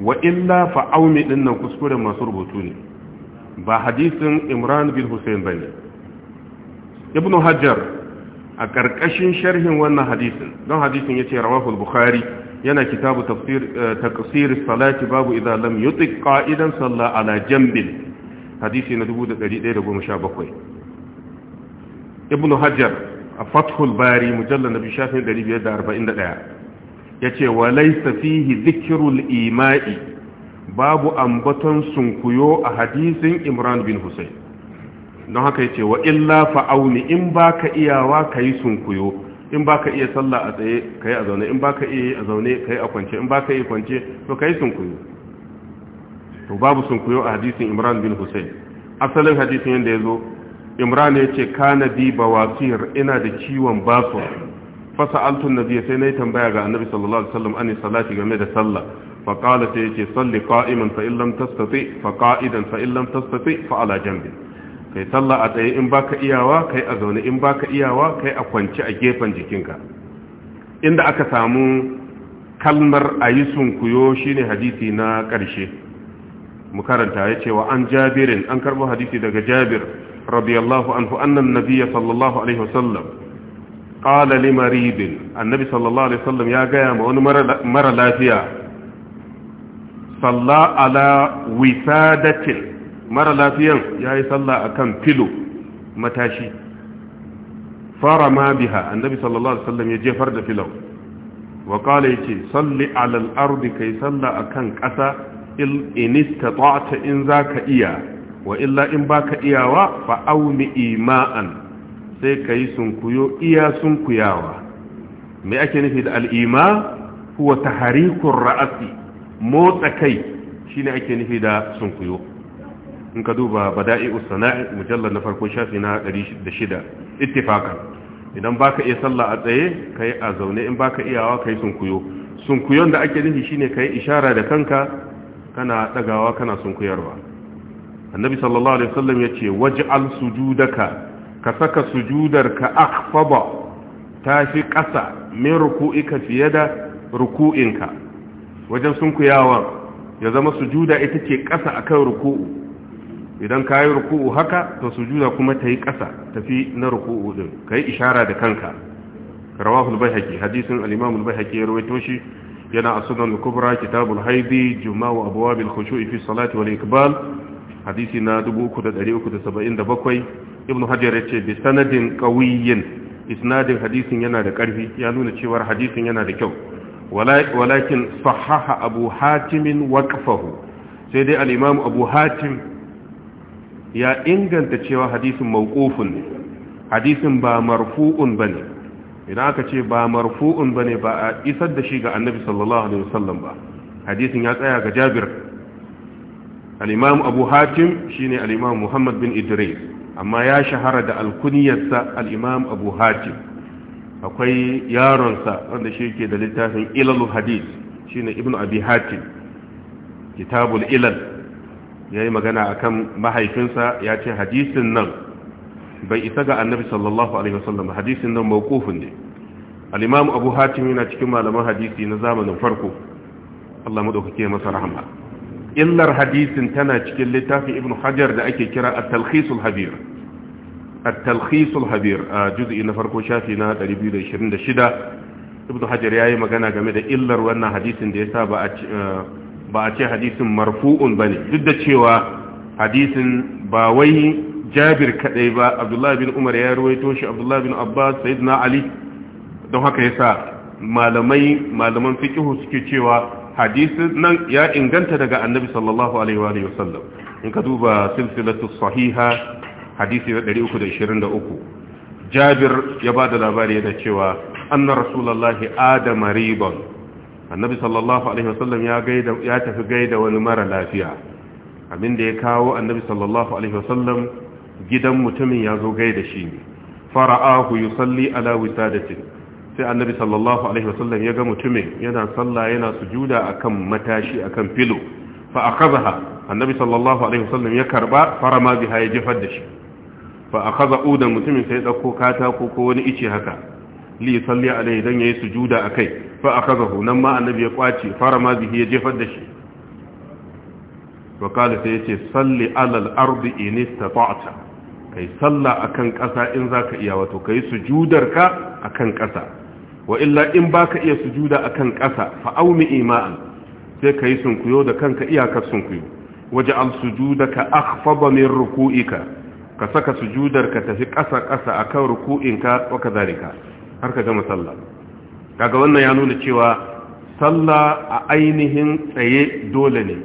wa illa fa'aumi din nan kuskuren masu rubutu ne ba hadisin imran bin hussein ba ne ibn hajjar a ƙarƙashin sharhin wannan hadisin don hadisin ya ce rawahul bukhari yana kitabu tafsir eh, salati babu idza lam yuti qa'idan salla ala jambin hadisi na 1117 ibn hajjar a fathul bari mujallar na bishafin 541 ya ce walai laisa zikirul ima'i babu ambaton sunkuyo a hadisin imran bin hussein don haka ya ce wa illa fa'auni in ba ka iyawa ka yi sunkuyo in ba ka iya sallah a tsaye ka yi a zaune in ba ka iya a zaune ka yi a kwance in ba ka iya kwance to ka yi sunkuyo to babu sunkuyo a hadisin imran bin hussein asalin hadisin yadda ya zo imran ya ce na bi bawasir ina da ciwon basu fasa altun biya sai na yi tambaya ga annabi sallallahu alaihi wasallam an yi salati game da sallah fa kala sai yake salli qa'iman fa illam tastati fa qa'idan fa illam tastati fa ala janbi kai sallah a tsaye in baka iyawa kai a zaune in baka iyawa kai a kwance a gefen jikinka inda aka samu kalmar ayi sunkuyo shine hadisi na karshe mu karanta yace wa an jabirin an karbo hadisi daga jabir رضي الله عنه أن النبي صلى الله عليه وسلم قال لمريض النبي صلى الله عليه وسلم يا قيام وأن مر لا فيها صلى على وسادة مر لا فيها يا صلى أكم فلو متاشي فرما بها النبي صلى الله عليه وسلم يجي فرد فلو وقال يجي صلي على الأرض كي صلى أكم كسا إن استطعت إن ذاك إياه wa illa in baka iyawa fa aumi ima'an sai ka yi sunkuyo iya sunkuyawa mai ake nufi da al'ima huwa harikun ra'asi motsa kai shine ake nufi da sunkuyo in ka duba bada'i'us sana'i mujallar na farko shafi na 106 ittifakan idan baka iya sallah a tsaye kai a zaune in baka iyawa yi sunkuyo sunkuyon da ake nufi shine yi ishara da kanka kana dagawa kana sunkuyarwa annabi sallallahu alaihi wasallam yace al sujudaka ka saka sujudarka ta tafi kasa min ruku'ika fiye da ruku'inka wajen sunkuyawan ya zama sujuda ita ce kasa akan ruku'u idan ka yi ruku'u haka to sujuda kuma ta yi kasa tafi na ruku'u ɗin ka yi ishara da kanka rawahul bayhaqi hadisin al-imam ya rawaito shi yana a sunan kubra kitabul haidi juma'a wa abwabil khushu'i fi salati wal ikbal hadisi na bakwai ibn hajar ya ce bi sanadin qawiyin isnadin hadisin yana da karfi ya nuna cewa hadisin yana da kyau walakin sahaha abu Hatimin waqfahu sai dai al'imam abu hatim ya inganta cewa hadisin mawqufun ne hadisin ba marfu'un ne idan aka ce ba marfu'un bane ba a isar da shi ga annabi sallallahu alaihi wasallam ba hadisin ya tsaya ga jabir al'imam abu hatim shine al-imam muhammad bin idris amma ya shahara da alkuniyarsa al'imam abu hatim akwai yaronsa wanda shi ke da littafin ilalul hadith shine ibn abi hatim kitabul ilal ya yi magana akan mahaifinsa ya ce hadisin nan bai isa ga annabi sallallahu alaihi wasallam hadisin nan mawqufin ne al'imam abu hatim yana cikin malaman hadisi na zamanin farko Allah madaukake masa rahama illar hadisin tana cikin littafin ibn hajar da ake kira at-talkhisul habir at-talkhisul habir a juz'i na farko shafi na 226 ibn hajar yi magana game da illar wannan hadisin da ya sa ba a ce eh, hadisin marfu'un ne. duk da cewa hadisin ba wai Jabir kadai ba Abdullah bin Umar ya ruwaito shi Abdullah bin Abbas Sayyidina Ali don haka yasa malamai malaman fikihu suke cewa hadisin nan ya inganta daga annabi sallallahu alaihi wa sallam in ka duba silsilatu sahiha hadisi 323 jabir ya ba da labari da cewa anna rasulullahi adama ribon annabi sallallahu alaihi wasallam ya ya tafi gaida wani mara lafiya abinda ya kawo annabi sallallahu alaihi wasallam gidan mutumin ya zo gaida shi ne fara'ahu yusalli ala wisadatin sai annabi sallallahu alaihi wasallam ya ga mutumin yana sallah yana sujuda akan matashi akan filo fa akhadha annabi sallallahu alaihi wasallam ya karba farama biha ya jefar da shi fa akhadha udan mutumin sai dauko katako ko wani ice haka li salli alaihi dan yayi sujuda akai fa akhadhahu nan ma annabi ya kwace farama bihi ya jefar da shi wa kala sai yace salli alal ardi in istata'ta kai salla akan ƙasa in zaka iya wato kai sujudarka akan ƙasa wa illa in baka iya sujuda akan ƙasa fa aumi ima'an sai kai sunkuyo da kanka iyakar sunkuyo waje waj'al sujudaka akhfada min ruku'ika ka saka sujudar ka tafi ƙasa ƙasa akan ruku'inka wa zarika har ka gama sallah kaga wannan ya nuna cewa sallah a ainihin tsaye dole ne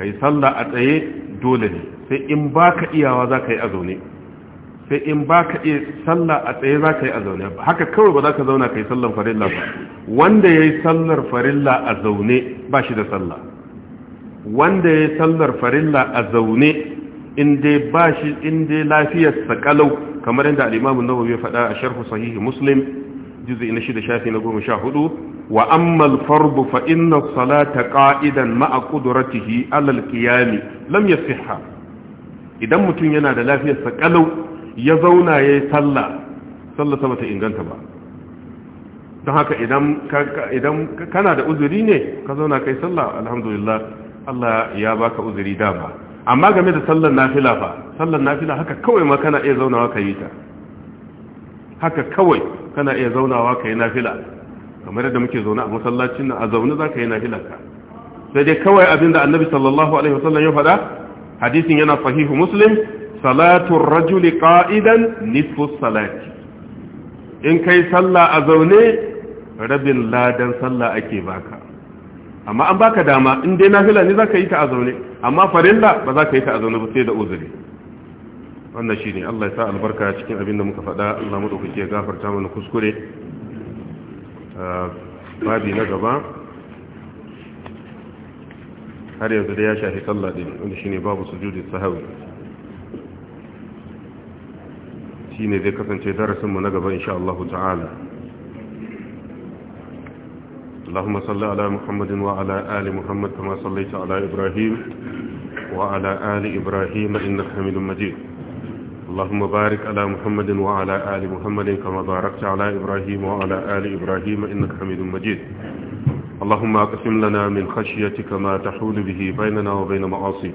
kai sallah a tsaye dole ne sai in baka iyawa zaka yi a zaune sai in ba ka iya sallah a tsaye za ka yi a zaune ba haka kawai ba za ka zauna ka yi sallar farilla ba wanda ya yi sallar farilla a zaune ba shi da sallah wanda ya yi sallar farilla a zaune inda ba shi inda lafiyar sakalau kamar yadda al'imamun nawawi ya faɗa a sharhu sahihi muslim juz'i na shida shafi na goma sha hudu wa ammal fardu fa inna salata qa'idan ma'a qudratihi alal qiyami lam yasihha idan mutum yana da lafiyar sakalau ya zauna ya yi sallah sallasa bata inganta ba don haka idan kana da uzuri ne ka zauna kai sallah alhamdulillah Allah ya baka uzuri dama amma game da sallar nafila fa sallar nafila haka kawai ma kana iya zaunawa ka yi ta haka kawai kana iya zaunawa ka yi nafila kamar yadda muke zaune a masallacin nan a zaune za ka yi nafilarka sai dai kawai abinda annabi sallallahu alaihi wasallam ya faɗa hadisin yana sahihu muslim salatun rajuli ƙa'idan nisfus salati in kai sallah a zaune rabin ladan sallah ake baka amma an baka dama in dai nafila ne za ka yi ta a zaune amma farilla ba za ka yi ta a zaune ba sai da uzuri wannan shi ne Allah ya sa albarka cikin abin da muka faɗa Allah maɗaukaki ya gafarta mana kuskure ah, babi na gaba har yanzu da ya shafi sallah ɗin wanda shi ne babu sujudin sahawi shine zai kasance darasinmu na gaba insha Allah ta'ala اللهم صل على محمد وعلى آل محمد كما صليت على إبراهيم وعلى آل إبراهيم إنك حميد مجيد اللهم بارك على محمد وعلى آل محمد كما باركت على إبراهيم وعلى آل إبراهيم إنك حميد مجيد اللهم أقسم لنا من خشيتك ما تحول به بيننا وبين معاصيك